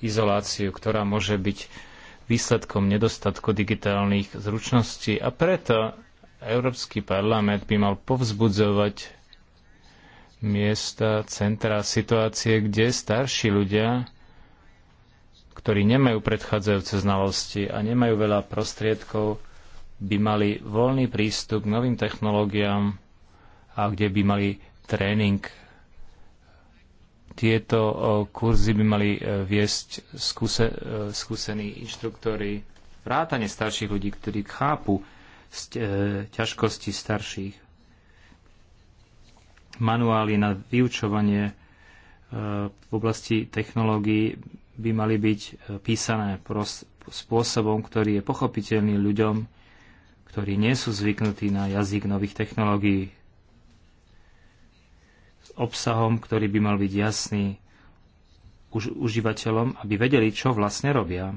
izoláciu, ktorá môže byť výsledkom nedostatku digitálnych zručností. A preto Európsky parlament by mal povzbudzovať miesta, centra, situácie, kde starší ľudia, ktorí nemajú predchádzajúce znalosti a nemajú veľa prostriedkov, by mali voľný prístup k novým technológiám a kde by mali tréning. Tieto kurzy by mali e, viesť skúse, e, skúsení inštruktori, vrátane starších ľudí, ktorí chápu, E, ťažkosti starších. Manuály na vyučovanie e, v oblasti technológií by mali byť e, písané spôsobom, ktorý je pochopiteľný ľuďom, ktorí nie sú zvyknutí na jazyk nových technológií. S obsahom, ktorý by mal byť jasný už, užívateľom, aby vedeli, čo vlastne robia.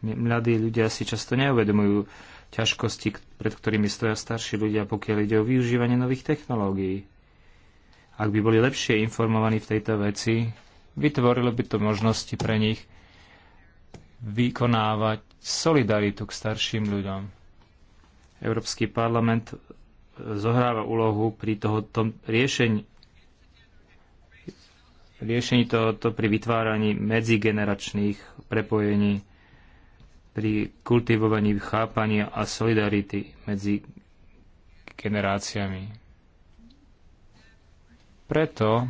Mladí ľudia si často neuvedomujú, ťažkosti, pred ktorými stoja starší ľudia, pokiaľ ide o využívanie nových technológií. Ak by boli lepšie informovaní v tejto veci, vytvorilo by to možnosti pre nich vykonávať solidaritu k starším ľuďom. Európsky parlament e, zohráva úlohu pri toho, tom riešení, riešení tohoto pri vytváraní medzigeneračných prepojení pri kultivovaní chápania a solidarity medzi generáciami. Preto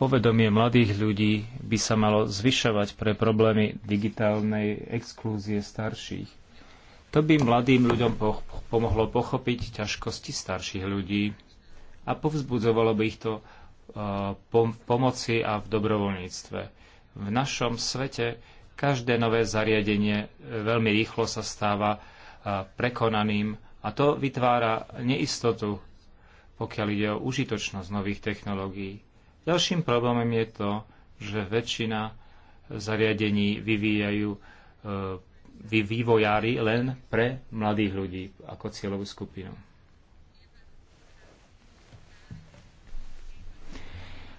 povedomie mladých ľudí by sa malo zvyšovať pre problémy digitálnej exklúzie starších. To by mladým ľuďom pomohlo pochopiť ťažkosti starších ľudí a povzbudzovalo by ich to v eh, pomoci a v dobrovoľníctve. V našom svete Každé nové zariadenie e, veľmi rýchlo sa stáva e, prekonaným a to vytvára neistotu, pokiaľ ide o užitočnosť nových technológií. Ďalším problémom je to, že väčšina zariadení vyvíjajú e, vývojári len pre mladých ľudí ako cieľovú skupinu.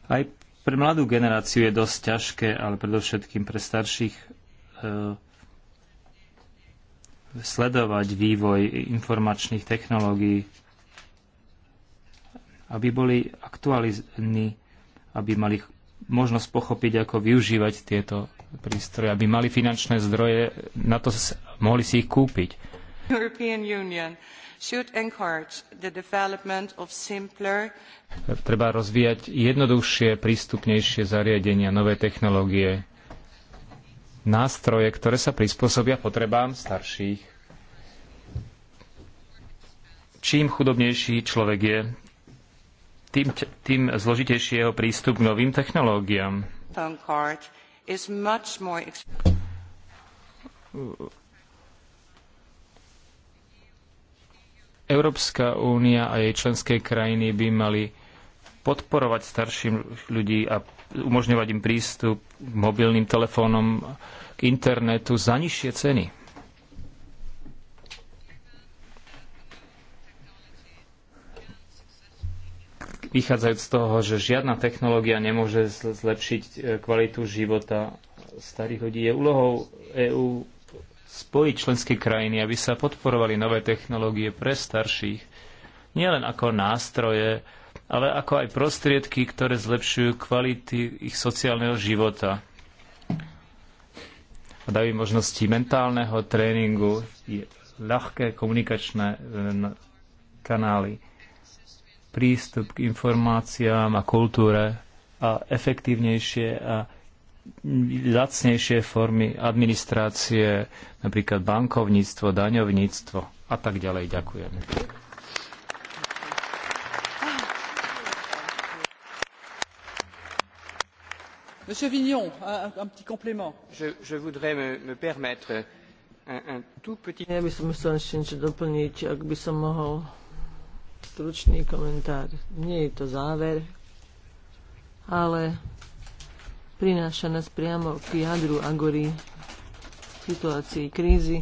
Aj pre mladú generáciu je dosť ťažké, ale predovšetkým pre starších e, sledovať vývoj informačných technológií, aby boli aktualizní, aby mali možnosť pochopiť, ako využívať tieto prístroje, aby mali finančné zdroje, na to mohli si ich kúpiť. European Union Treba rozvíjať jednoduchšie, prístupnejšie zariadenia, nové technológie, nástroje, ktoré sa prispôsobia potrebám starších. Čím chudobnejší človek je, tým, tým zložitejší jeho prístup k novým technológiám Európska únia a jej členské krajiny by mali podporovať starším ľudí a umožňovať im prístup k mobilným telefónom, k internetu za nižšie ceny. Vychádzajúc z toho, že žiadna technológia nemôže zlepšiť eh, kvalitu života starých ľudí, je úlohou EÚ spojiť členské krajiny, aby sa podporovali nové technológie pre starších, nielen ako nástroje, ale ako aj prostriedky, ktoré zlepšujú kvality ich sociálneho života a dajú možnosti mentálneho tréningu, ľahké komunikačné e, kanály, prístup k informáciám a kultúre a efektívnejšie a lacnejšie formy administrácie, napríklad bankovníctvo, daňovníctvo a tak ďalej. Ďakujem. Monsieur Vignon, un, un petit complément. Je, je voudrais me, me permettre un, un tout petit... Ja by som chcel ešte niečo doplniť, ak by som mohol stručný komentár. Nie je to záver, ale prináša nás priamo k jadru Agory situácii krízy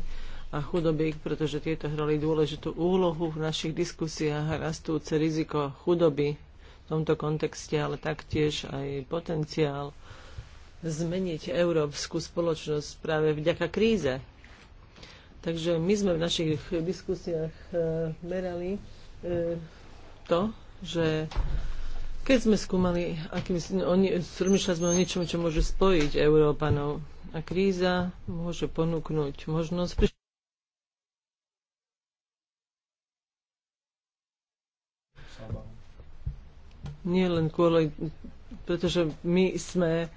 a chudoby, pretože tieto hrali dôležitú úlohu v našich diskusiách a rastúce riziko chudoby v tomto kontexte, ale taktiež aj potenciál zmeniť európsku spoločnosť práve vďaka kríze. Takže my sme v našich diskusiách eh, merali eh, to, že keď sme skúmali, akým, oni, rozmýšľali sme o niečom, čo môže spojiť Európanov. A kríza môže ponúknuť možnosť. Nie len kvôli, pretože my sme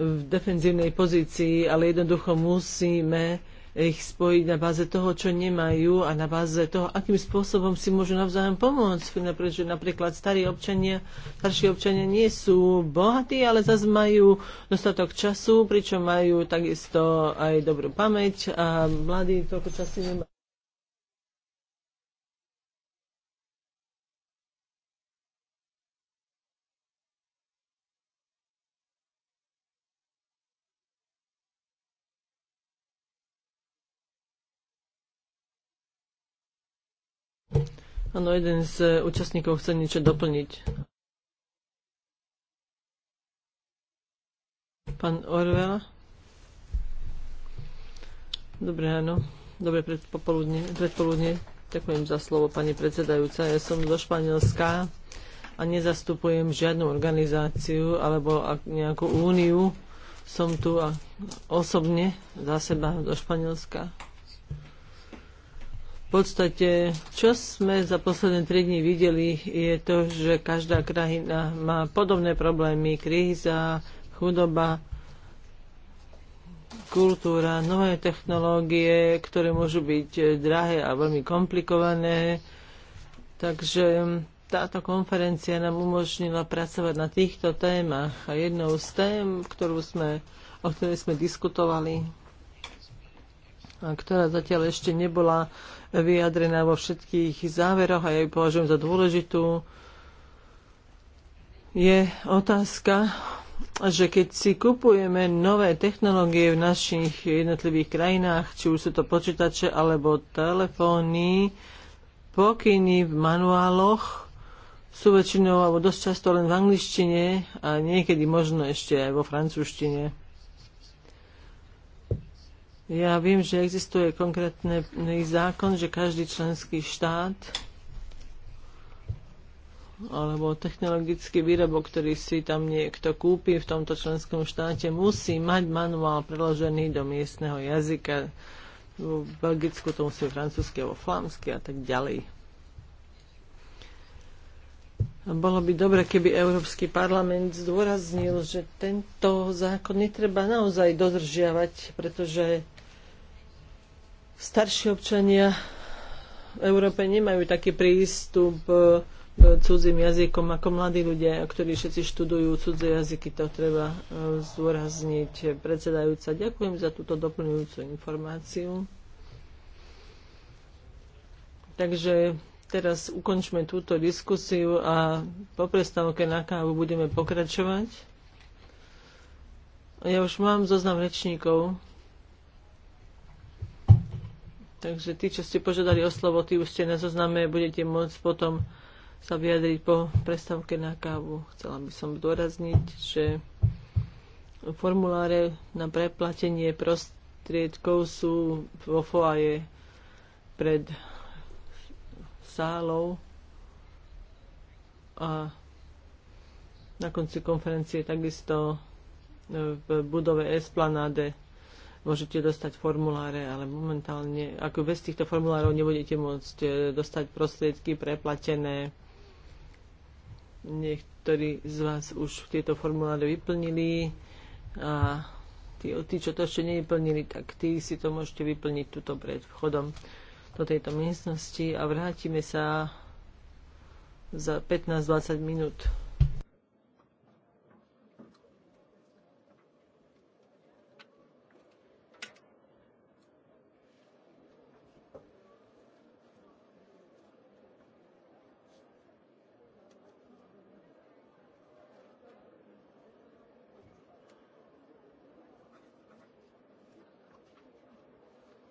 v defenzívnej pozícii, ale jednoducho musíme ich spojiť na báze toho, čo nemajú a na báze toho, akým spôsobom si môžu navzájom pomôcť. Pretože napríklad starí občania, starší občania nie sú bohatí, ale zase majú dostatok času, pričom majú takisto aj dobrú pamäť a mladí toľko času nemajú. Áno, jeden z e, účastníkov chce niečo doplniť. Pán Orwell. Dobre, áno. Dobre, predpoludne. predpoludne. Ďakujem za slovo, pani predsedajúca. Ja som zo Španielska a nezastupujem žiadnu organizáciu alebo nejakú úniu. Som tu a osobne za seba do Španielska. V podstate, čo sme za posledné 3 dní videli, je to, že každá krajina má podobné problémy. Kríza, chudoba, kultúra, nové technológie, ktoré môžu byť drahé a veľmi komplikované. Takže mm, táto konferencia nám umožnila pracovať na týchto témach. A jednou z tém, ktorú sme, o ktorej sme diskutovali, ktorá zatiaľ ešte nebola vyjadrená vo všetkých záveroch a ja ju považujem za dôležitú, je otázka, že keď si kupujeme nové technológie v našich jednotlivých krajinách, či už sú to počítače alebo telefóny, pokyny v manuáloch sú väčšinou alebo dosť často len v angličtine a niekedy možno ešte aj vo francúzštine. Ja viem, že existuje konkrétny zákon, že každý členský štát alebo technologický výrobok, ktorý si tam niekto kúpi v tomto členskom štáte, musí mať manuál preložený do miestneho jazyka. V Belgicku to musí francúzsky alebo flámsky a tak ďalej. Bolo by dobre, keby Európsky parlament zdôraznil, že tento zákon netreba naozaj dodržiavať, pretože starší občania v Európe nemajú taký prístup e, k cudzím jazykom ako mladí ľudia, ktorí všetci študujú cudzie jazyky. To treba e, zdôrazniť. Predsedajúca, ďakujem za túto doplňujúcu informáciu. Takže teraz ukončme túto diskusiu a po prestávke na kávu budeme pokračovať. Ja už mám zoznam rečníkov. Takže tí, čo ste požiadali o slovo, tí už ste na zozname, budete môcť potom sa vyjadriť po prestávke na kávu. Chcela by som dôrazniť, že formuláre na preplatenie prostriedkov sú vo foaje pred sálou a na konci konferencie takisto v budove Esplanade môžete dostať formuláre, ale momentálne, ako bez týchto formulárov nebudete môcť e, dostať prostriedky preplatené. Niektorí z vás už tieto formuláre vyplnili a tí, tí čo to ešte nevyplnili, tak tí si to môžete vyplniť tuto pred vchodom do tejto miestnosti a vrátime sa za 15-20 minút.